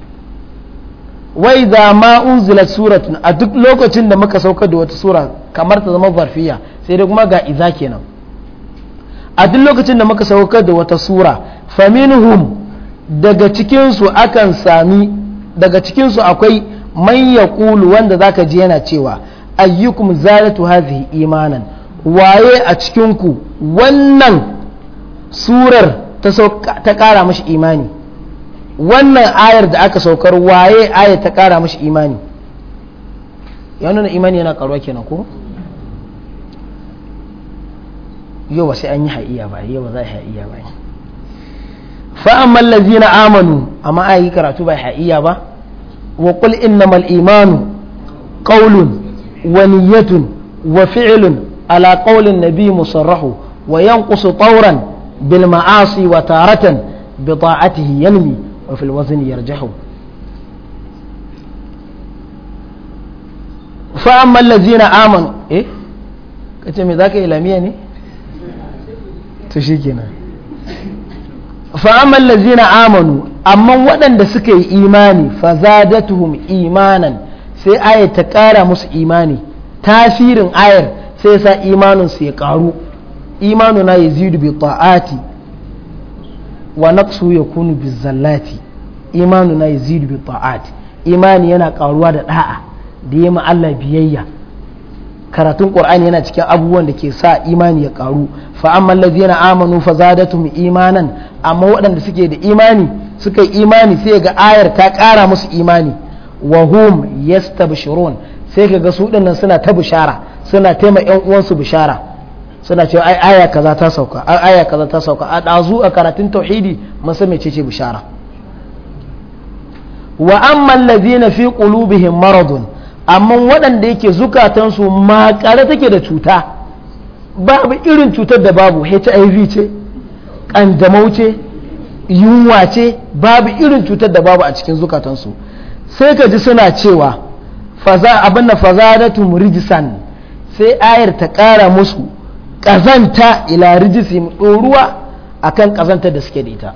wai za ma unzila suratun a duk lokacin da muka saukar da wata sura kamar ta zama zarfiya sai dai kuma ga iza kenan a duk lokacin da muka saukar da wata sura faminhum daga cikinsu akan sami daga cikinsu akwai man yaqulu wanda zaka ji yana cewa ayyukum zalatu hadhihi imanan waye a cikinku wannan surar ta ƙara mashi imani wannan ayar da aka saukar waye ayar ta ƙara mashi imani ya nuna imani yana ƙaruwa kenan ko yau ba sai an yi ha'iya ba yau ba za a ha'iya ba fa'amma na amanu amma a yi karatu ba ha'iya ba wa qul innamal imanu qawlun wa niyyatun wa fi'lun على قول النبي مصرح وينقص طورا بالمعاصي وتارة بطاعته ينمي وفي الوزن يرجح فأما الذين آمنوا إيه كتم ذاك إلامية ني تشيكنا فأما الذين آمنوا أما ودن دسكي إيماني فزادتهم إيمانا sai ayar ta ƙara musu imani tasirin ayar sai sa imanin su ya karu imanu na zidu bi ta'ati wa naqsu kunu bi zallati imanu na zidu bi ta'ati imani yana karuwa da da'a da yi Allah biyayya karatun qur'ani yana cikin abubuwan da ke sa imani ya ƙaru fa amma allazina amanu fa zadatum imanan amma waɗanda suke da imani suka yi imani sai ga ayar ta ƙara musu imani wa hum yastabshirun sai ka ga su nan suna ta bishara suna taima yan uwansu bishara suna cewa ai aya kaza ta sauka ai aya kaza ta sauka a dazu a karatun tauhidi mun san mecece bishara wa amma allazina fi qulubihim maradun amma waɗanda yake zukatansu makare take da cuta babu irin cutar da babu HIV ce kanjamau ce yunwa ce babu irin cutar da babu a cikin zukatansu sai ka ji suna cewa abin da fazadatun rijisan sai ayar ta ƙara musu ƙazanta ila rijisim ɗoruwa a kan ƙazanta da suke da ita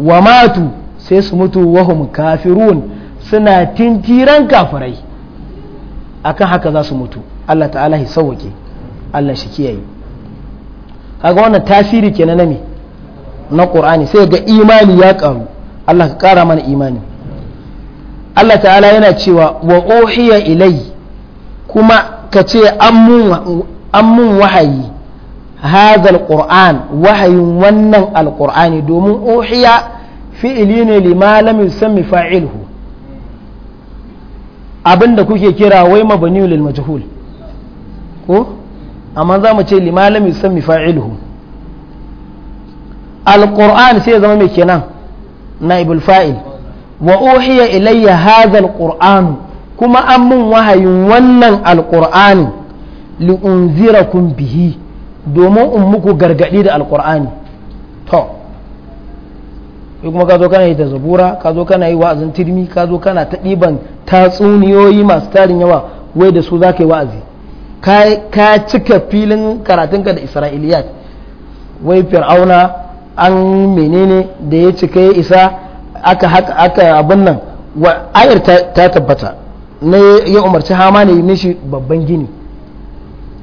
wa matu sai su mutu wahum kafirun suna tintiran kafirai akan haka za su mutu Allah ta'ala ya sauwake Allah shi kiyaye kaga wannan tasiri ke na me na Qur'ani sai ga imani ya karu Allah ka kara mana imani Allah ta'ala yana cewa wa uhiya ilai kuma ka ce an mun wahayi hadha alquran wahayin wannan alqur'ani domin uhiya fi'ili ne lima lam yusammi fa'ilhu abinda kuke kira wai mabani lil majhul ko amma za mu ce lima lam yusammi fa'ilhu alquran sai zama mai kenan naibul fa'il wa uhiya ilayya hadha alquran kuma an mun wahayin wannan alƙur'ani li'unzirakum bihi domin in muku gargaɗi da alƙur'ani to kai kuma ka zo kana yi da zabura ka zo kana yi wa'azin tirmi ka zo kana ta ɗiban tatsuniyoyi masu tarin yawa wai da su za ka yi wa'azi ka cika filin karatunka da isra'iliyat wai fir'auna an menene da ya cika ya isa aka abin nan wa ayar ta tabbata na ya umarci hama ne mishi babban gini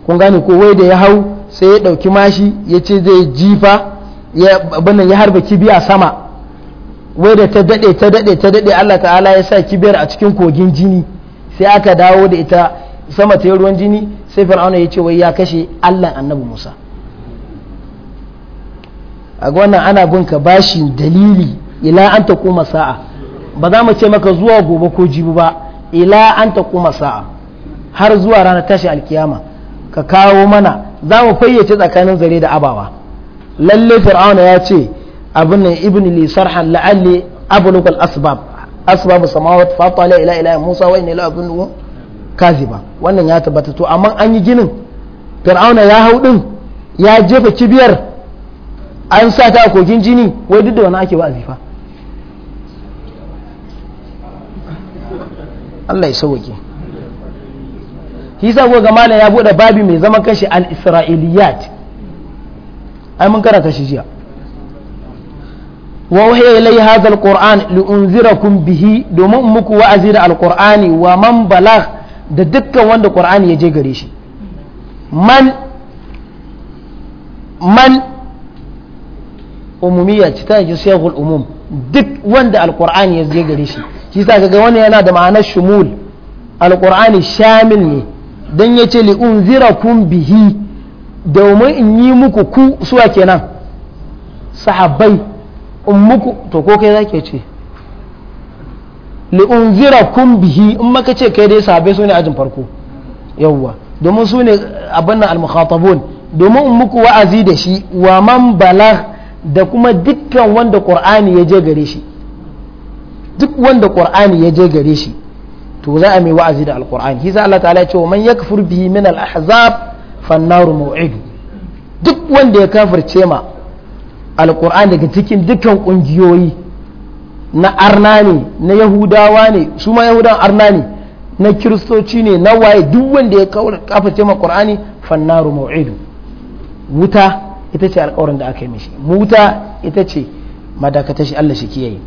kun gane ko wai da ya hau sai ya ɗauki mashi ya ce zai jifa abin ya harba kibiya sama wai da ta daɗe ta daɗe ta daɗe Allah ta'ala ya sa kibiyar a cikin kogin jini sai aka dawo da ita sama ta ruwan jini sai fir'auna ya ce wai ya kashe Allah annabi Musa a wannan ana bin ka bashi dalili ila an ta koma sa'a ba za mu ce maka zuwa gobe ko jibi ba ila an ta kuma sa'a har zuwa ranar tashi alkiyama ka kawo mana za mu fayyace tsakanin zare da abawa lalle fir'auna ya ce abin nan ibn li sarhan la'alli abluq al asbab asbab samawat ila ila musa wa inna ila abun kaziba wannan ya tabbata to amma an yi ginin fir'auna ya hau din ya jefa kibiyar an sa ta a kogin jini wai duk da wani ake wa azifa. Allah ya sauke hisa ko ga ya bude babi mai zama kashi al-isra'iliyat ai mun karanta shi jiya wa wahiya ilai hadha al-qur'an li bihi domin muku wa'azi da al-qur'ani wa man balagh da dukkan wanda qur'ani ya je gare shi man man umumiyya ta yi umum duk wanda al-qur'ani ya je gare shi shi sa kaga wani yana da ma'anar shumul alqur'ani shamil ne dan yace li unzirakum bihi domin in yi muku ku suwa kenan sahabbai in muku to ko kai zake ce li unzirakum bihi in maka ce kai dai sahabbai sune ajin farko yawwa domin sune abin nan al-mukhatabun domin in muku wa'azi da shi wa man balagh da kuma dukkan wanda qur'ani ya je gare shi duk wanda qur'ani ya je gare shi to za a mai wa'azi da alqur'ani hisa Allah ta'ala ya ce wa man yakfur bi min al-ahzab fannaru maw'idu duk wanda ya kafirce ma alqur'ani daga cikin dukkan kungiyoyi na arna na yahudawa ne su ma yahudan arnani na kiristoci ne na waye duk wanda ya kafirce ma qur'ani fannaru maw'idu wuta ita ce alƙawarin da aka yi mishi muta ita ce madakatashi Allah shi kiyaye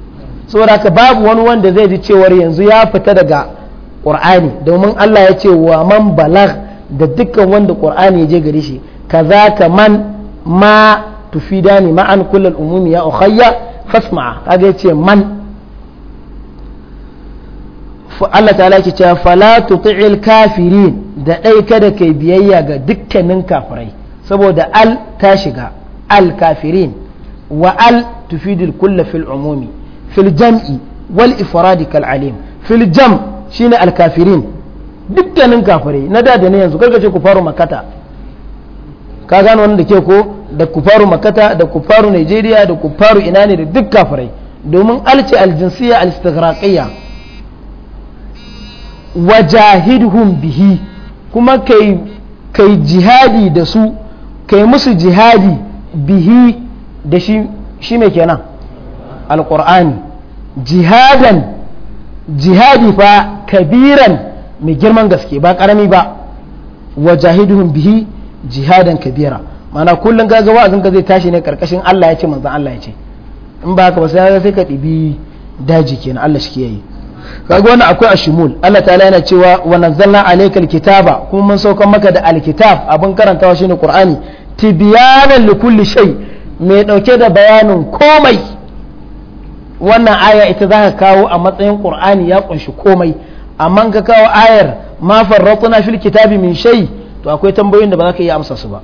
saboda haka babu wani wanda zai ji cewar yanzu ya fita daga ƙur'ani domin Allah ya ce wa man balagh da dukkan wanda qur'ani ya je gare shi kazaka man ma tufidani ma an kullal umumi ya ukhayya fasma'a kaga yace man Allah ta yake cewa fala tuti'il kafirin da ɗai kada kai biyayya ga dukkanin kafirai saboda al ta shiga al kafirin wa al tufidul kulla fil umumi fil jam'i wal ifradi kal alim fil shine alkafirin kafirin dukkanin kafirai na da da ne yanzu karka ce ku faru makata ka gano wannan da ko da ku faru makata da ku faru nigeria da ku faru ina ne da duk kafirai domin alce aljinsiya al-istighraqiyya bihi kuma kai kai jihadi da su kai musu jihadi bihi da shi shi kenan alkur'ani. jihadan jihadi fa kabiran mai girman gaske ba karami ba wa bihi jihadan kabira mana kullum gaga wa'azin ka zai tashi ne karkashin Allah ya ce manzon Allah ya ce in ba haka ba sai sai ka dibi daji kenan Allah shi yayi kaga wannan akwai ashmul Allah ta'ala yana cewa wa nazzalna alaykal kitaba kuma mun saukan maka da alkitab abin karantawa shine qur'ani tibyanan likulli shay mai dauke da bayanin komai wannan aya ita za ka kawo a matsayin qur'ani ya ƙunshi komai amma ka kawo ayar ma farratuna fil kitabi min shay to akwai tambayoyin da ba za ka iya amsa su ba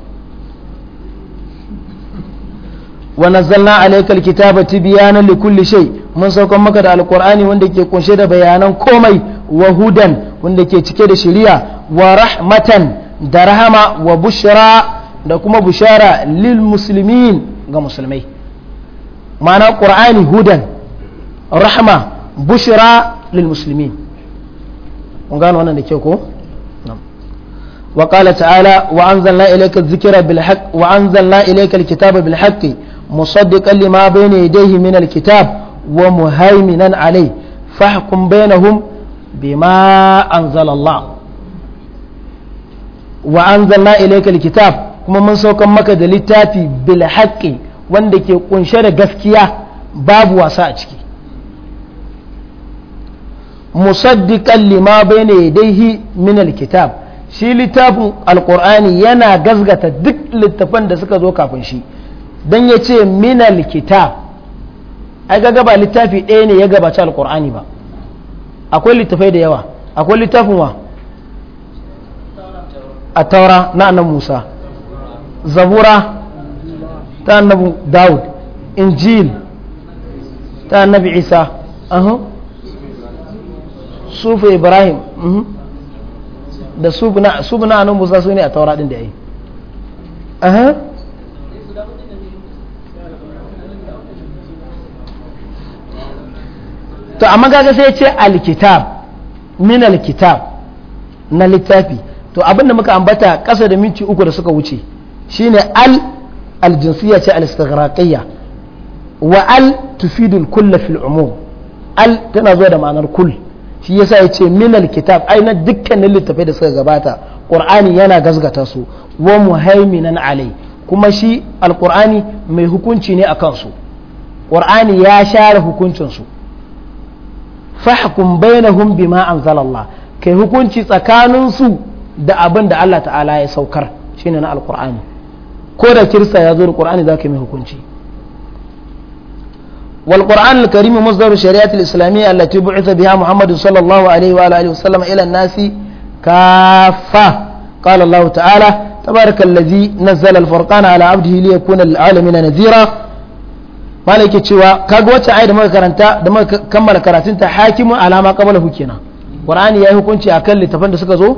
wa nazzalna alaykal kitaba tibyana likulli shay mun saukan maka da alqur'ani wanda ke kunshe da bayanan komai wa hudan wanda ke cike da shari'a wa rahmatan da rahama wa bushra da kuma bushara lil muslimin ga musulmai ma'ana ƙur'ani hudan rahma bushra lil muslimin kun gano wannan da ke ko وقال تعالى وأنزلنا إليك الذكر بالحق وأنزلنا إليك الكتاب بالحق مصدقا لما بين يديه من الكتاب ومهيمنا عليه فاحكم بينهم بما أنزل الله وأنزلنا إليك الكتاب kuma mun saukan maka da littafi bil haqqi wanda ke kunshe da gaskiya babu wasa a ciki musaddiqan lima bayna yadayhi min alkitab shi littafin Alƙur'ani yana gazgata duk littafan da suka zo kafin shi dan yace min alkitab ai ga gaba littafi ɗaya ne ya gabaci alqur'ani ba akwai littafai da yawa akwai littafin wa a taura na annabi Musa zabura ta annabi Dawud injil ta annabi Isa uh sufu ibrahim mhm. da sufu na anun musa su ne a taura din da ya yi to amma kaga sai ce alkitab min alkitab na littafi to abin da muka ambata ƙasa da minti uku da suka wuce shine al aljinsiya ce al wa al tufidul kulla fil umum al tana zuwa da ma'anar kul. shi yasa ya ce minal kitab ai na dukkanin littafai da suka gabata qur'ani yana gazgata su wa muhaiminan alai kuma shi alqur'ani mai hukunci ne akan su qur'ani ya share hukuncin su fahkum bainahum bima anzalallah kai hukunci tsakanin su da abin da Allah ta'ala ya saukar shine na alqur'ani ko da kirista ya zo da qur'ani zaka mai hukunci والقرآن الكريم مصدر الشريعة الإسلامية التي بعث بها محمد صلى الله عليه وآله وسلم إلى الناس كافة قال الله تعالى تبارك الذي نزل الفرقان على عبده ليكون للعالمين نذيرا malaki cewa kaga wacce ayi da muka karanta da kammala karatun ta hakimin alama qablahu kenan qur'ani yayi hukunci akan littafan da suka zo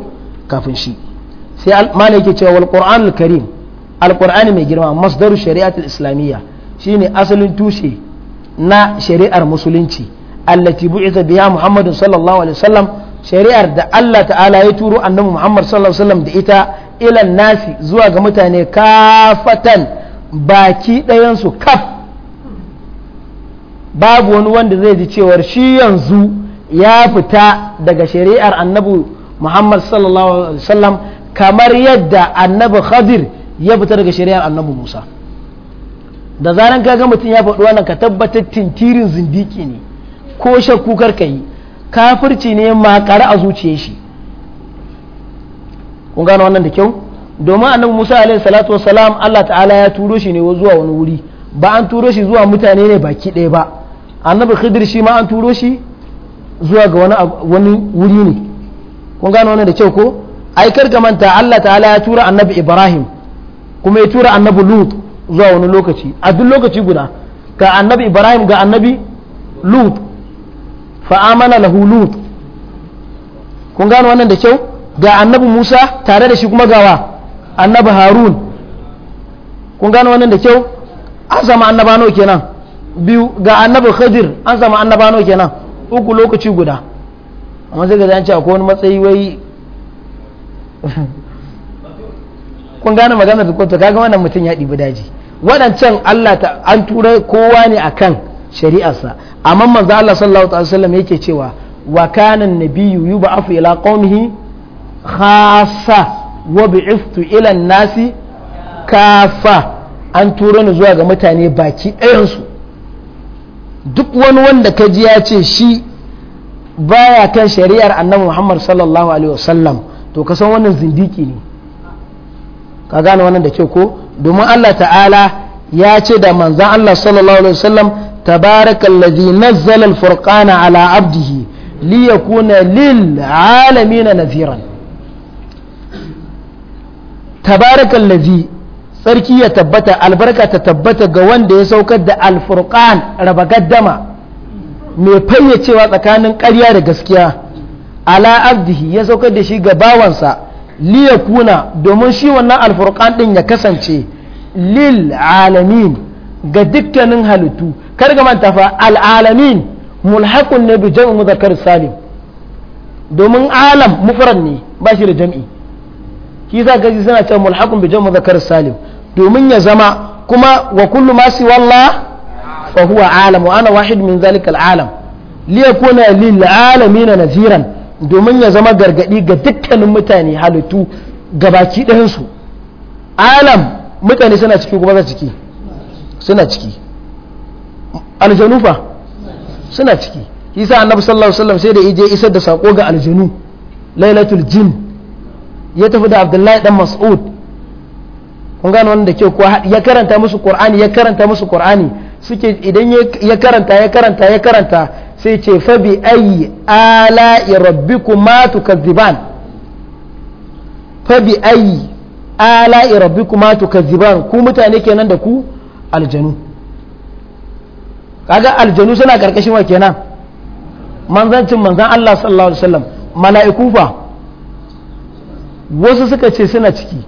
kafin shi sai malaki cewa wal qur'anul karim alqur'ani mai girma masdaru shari'atul islamiyya shine asalin tushe na shari'ar musulunci allati bu'itha biya muhammadun sallallahu alaihi wasallam shari'ar da Allah ta'ala ya turo annabi Muhammad sallallahu alaihi wasallam da ita ilan nasi zuwa ga mutane kafatan baki ɗayansu kaf babu wani wanda zai ji cewar shi yanzu ya fita daga shari'ar annabi Muhammad sallallahu alaihi wasallam kamar yadda annabi Khadir ya fita daga shari'ar annabi Musa da zaran ka ga mutum ya faɗi wannan ka tabbatar tintirin zindiki ne ko shakku kar ka yi kafirci ne makare a zuciya shi kun gano wannan da kyau domin annabi Musa alayhi salatu wassalam Allah ta'ala ya turo shi ne zuwa wani wuri ba an turo shi zuwa mutane ne baki ɗaya ba annabi Khidir shi ma an turo shi zuwa ga wani wani wuri ne kun gano wannan da kyau ko ai kar ka manta Allah ta'ala ya tura annabi Ibrahim kuma ya tura annabi Lut zuwa wani lokaci a duk lokaci guda ga annabi ibrahim ga annabi lut fa'amana lahu lut kun gano wannan da kyau ga annabi musa tare da shi kuma gawa annabi harun kun gano wannan da kyau an zama annabano kenan biyu ga annabi khadir an zama annabano kenan uku lokaci guda amma sai ga an ce akwai wani matsayi wai kun gane magana da kotu kaga wannan mutum ya ɗibi daji waɗancan Allah ta an tura kowa ne akan shari'arsa amma manzo Allah sallallahu alaihi wasallam yake cewa wa kana nabiyyu yub'athu ila qaumihi khassa wa bi'ithu ila nasi kafa an tura ni zuwa ga mutane baki ɗayansu duk wani wanda ka ji ya ce shi baya kan shari'ar annabi Muhammad sallallahu alaihi wasallam to ka san wannan zindiki ne ka gane wannan da kyau ko domin Allah ta'ala ya ce da manzan Allah sallallahu alaihi wasallam tabarakallazi nazzala al-furqana ala abdihi li yakuna lil alamin nadhiran tabarakallazi sarki ya tabbata albarka ta tabbata ga wanda ya saukar da alfurqan raba gaddama mai fayyacewa tsakanin ƙarya da gaskiya ala abdihi ya saukar da shi ga bawansa liya kuna domin shi wannan alfurqan din ya kasance lil alamin ga dukkanin halittu kar ga manta fa al alamin mulhaqun ne bi jam'i mudhakkar salim domin alam mufrad ne ba shi da jam'i shi za ka ji suna cewa mulhaqun bi jam'i mudhakkar salim domin ya zama kuma wa kullu ma si wallah fa huwa alam wa ana wahid min zalika al alam liyakuna lil alamin naziran domin ya zama gargadi ga dukkanin mutane halittu gabaki ɗansu alam mutane suna ciki kuma za ciki suna ciki aljanu fa suna ciki isa annabi sallallahu alaihi wasallam sai da ije isar da sako ga aljanu lailatul jin ya tafi da abdullahi dan mas'ud kun gano wanda ke kuwa ya karanta musu qur'ani ya karanta musu qur'ani suke idan ya karanta ya karanta ya karanta sai ce fa bi ayi ala rabbikuma tukazziban fa bi ayi ala rabbikuma tukazziban ku mutane kenan da ku aljanu kaga aljanu suna karkashin wa kenan manzancin manzan Allah sallallahu alaihi wasallam mala'iku fa wasu suka ce suna ciki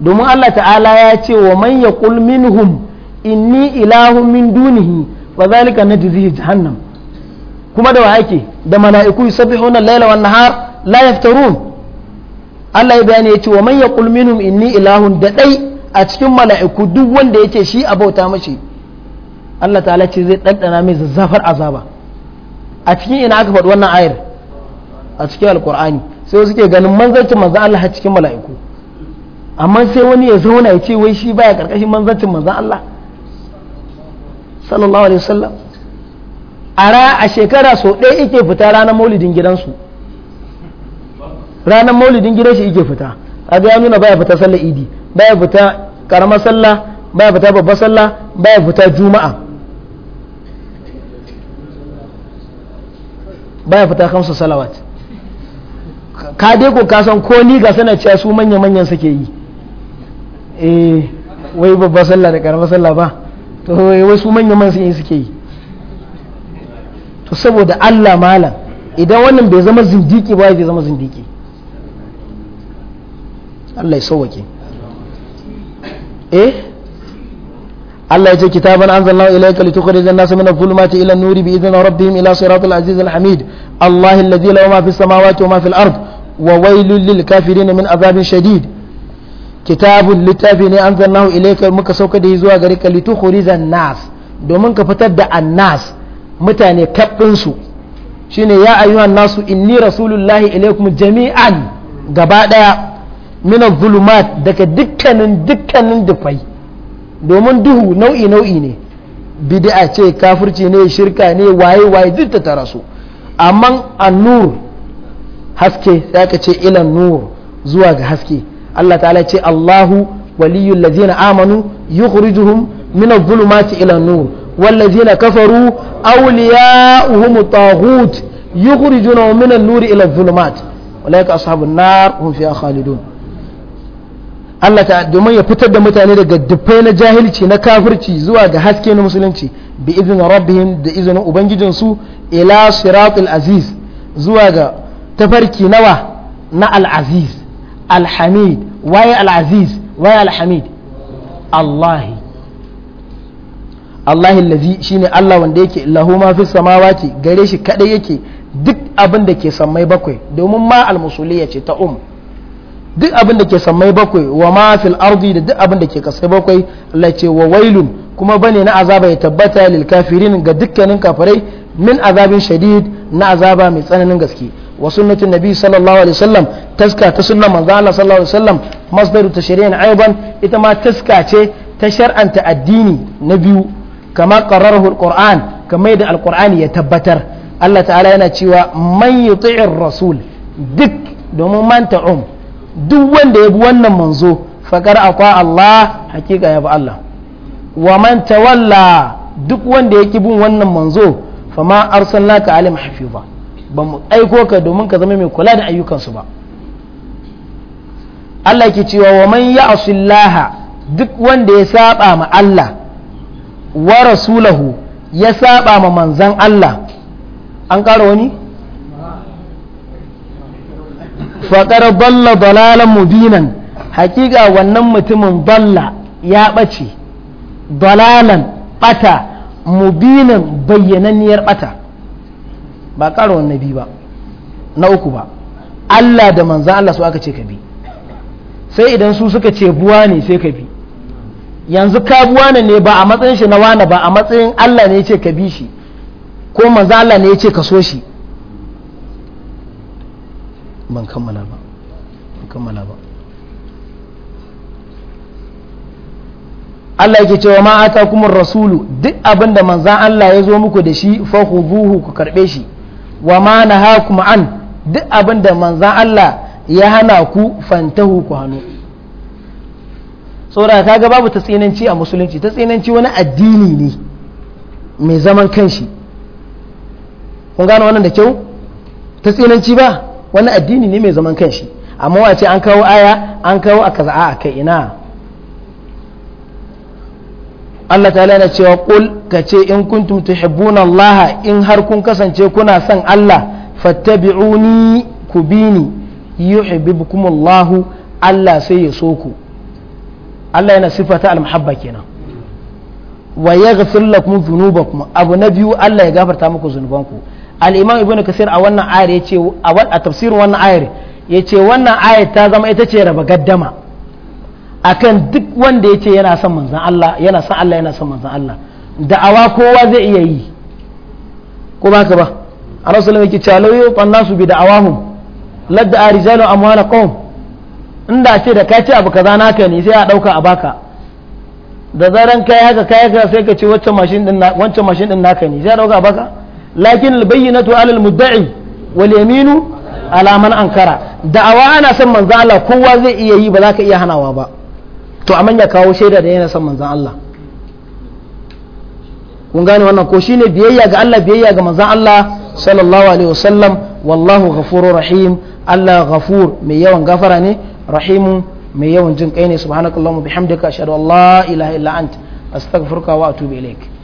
domin Allah ta'ala ya ce wa man yaqul minhum inni ilahun min dunihi wa zalika najzihi jahannam kuma da wa ke da mala'iku yusabbihuna al-laila wan nahar la yaftarun Allah ya bayani yace wa man yaqul minhum inni ilahun da dai a cikin mala'iku duk wanda yace shi abauta mashi Allah ta'ala ce zai ɗanɗana mai zazzafar azaba a cikin ina aka faɗi wannan ayar a cikin alkur'ani sai suke ganin manzancin manzan Allah a cikin mala'iku amma sai wani ya zauna ya ce wai shi baya karkashin manzancin manzan Allah sallallahu alaihi wasallam a shekara sau ɗaya ike fita ranar maulidin gidansu ranar maulidin gidan shi ike fita a ya nuna baya fita sallar idi baya fita karamar sallah baya fita babbar sallah baya fita juma'a baya fita kamsa salawat ka dai ko ka san ko ni ga sana cewa su manya-manyan suke yi eh wai babbar sallah da karamar sallah ba to eh, wasu manyan man sun suke yi to saboda Allah malam idan wannan bai zama zindiki ba bai zama zindiki Allah ya sauwake eh Allah ya ce kitaban anzalnahu ilayka litukhrijan nasa min samina dhulumati ila nuri bi idan rabbihim ila siratil aziz al-hamid Allah alladhi lahu ma fis samawati wa ma fil ard wa waylun lil kafirin min azabin shadid kitabun littafi ne an zannahu ilaika muka sauka da yi zuwa gare ka litukhrizan nas domin ka fitar da annas mutane kaɗin su shine ya ayyuhan nasu inni rasulullahi ilaikum jami'an gaba daya min zulumat daga dukkanin dukkanin dufai domin duhu nau'i nau'i ne bid'a ce kafirci ne shirka ne waye waye duk ta tara su amma an-nur haske sai ka ce nur zuwa ga haske Allah ta'ala ce Allahu waliyul ladzina amanu yukhrijuhum min adh-dhulumati ila an-nur والذين كفروا أولياؤهم الطاغوت يخرجونهم من ila إلى الظلمات ولكن أصحاب النار هم فيها خالدون Allah ta domin ya fitar da mutane daga dubbai na jahilci na kafirci zuwa ga haske na musulunci bi izinin rabbihim da izinin ubangijinsu ila siratul aziz zuwa ga tafarki nawa na al-aziz alhamid waye al'aziz waye alhamid allahi allahi lazi shine allah wanda yake lahuma fi samawati gare shi kadai yake duk abin da ke sammai bakwai domin ma almusuliya ce ta um duk abin da ke sammai bakwai wa ma fil ardi da duk abin da ke kasai bakwai Allah ce wa wailun kuma bane na azaba ya tabbata lil kafirin ga dukkanin kafirai min azabin shadid na azaba mai tsananin gaske wa sunnatin nabi sallallahu alaihi wasallam taska ta sunnan manzo Allah sallallahu alaihi wasallam masdaru tashri'in aiban ita ma taska ce ta shar'anta addini na biyu kama qarrarahu alquran kamar da alqur'ani ya tabbatar Allah ta'ala yana cewa man yuti'ir rasul duk domin man ta'um duk wanda ya bi wannan manzo faqar ata Allah hakika ya bi Allah wa man tawalla duk wanda ya ki bin wannan manzo fama arsalnaka alim hafiza ba mu aiko ka domin ka zama mai kula da ayyukansu ba Allah ke cewa wa man ya'sillaha duk wanda ya saba ma Allah wa rasulahu ya saba ma manzan Allah an ƙara wani? faƙar balla dalalan mubinan hakika wannan mutumin balla ya ɓace dalalan ɓata mubinan bayyananniyar ɓata ba ƙara wani bi ba na uku ba Allah da manzan Allah su aka ce ka bi sai idan su suka ce buwa ne sai ka bi yanzu ka buwa ne ba a matsayin shi na wane ba a matsayin Allah ne ya ce ka bi shi ko manzan Allah ne ya ce ka so shi ban kammala ba ban kammala ba Allah yake cewa ma'ata kuma rasulu duk abin da manzan Allah ya zo muku da shi fa ku ku karbe shi wa ma kuma an duk abin da manzan Allah ya hana ku fantahu ku hannu saboda ga babu ta tsinanci a musulunci ta tsinanci wani addini ne mai zaman kanshi kun gano wannan da kyau ta tsinanci ba wani addini ne mai zaman kanshi amma wace an kawo aya an kawo a kaza'a a kai ina Allah ta yana cewa ka kace in kuntum tuhibbuna Allah in har kun kasance kuna son Allah fattabi'uni ku bini yuhibbukum Allah Allah sai ya so ku Allah yana sifata al-muhabba kenan wa yaghfir lakum dhunubakum abu na Allah ya gafarta muku zunubanku al-imam ibnu kasir a wannan ayar yace a tafsirin wannan ayar yace wannan ayar ta zama ita ce raba gaddama akan duk wanda ya ce yana son manzan Allah yana son Allah yana son manzan Allah da'awa kowa zai iya yi ko ba ka ba a rasulun yake calo yau ɓanna su bi da'awahum ladda a rijalu amwala qawm inda ce da ka ce abu kaza naka ne sai a dauka a baka da zaran kai haka kai haka sai ka ce wancan mashin din wancan mashin din naka ne sai a dauka a baka lakin albayyinatu alal mudda'i wal yaminu ala man ankara da'awa ana son manzo Allah kowa zai iya yi ba za ka iya hanawa ba to amma ya kawo shaida da yana son manzan Allah kun gane wannan ko shine biyayya ga Allah biyayya ga manzan Allah sallallahu alaihi wasallam wallahu ghafurur rahim Allah ghafur mai yawan gafara ne rahimun mai yawan jin kai ne subhanakallahumma bihamdika ashhadu an la ilaha illa anta astaghfiruka wa atubu ilaik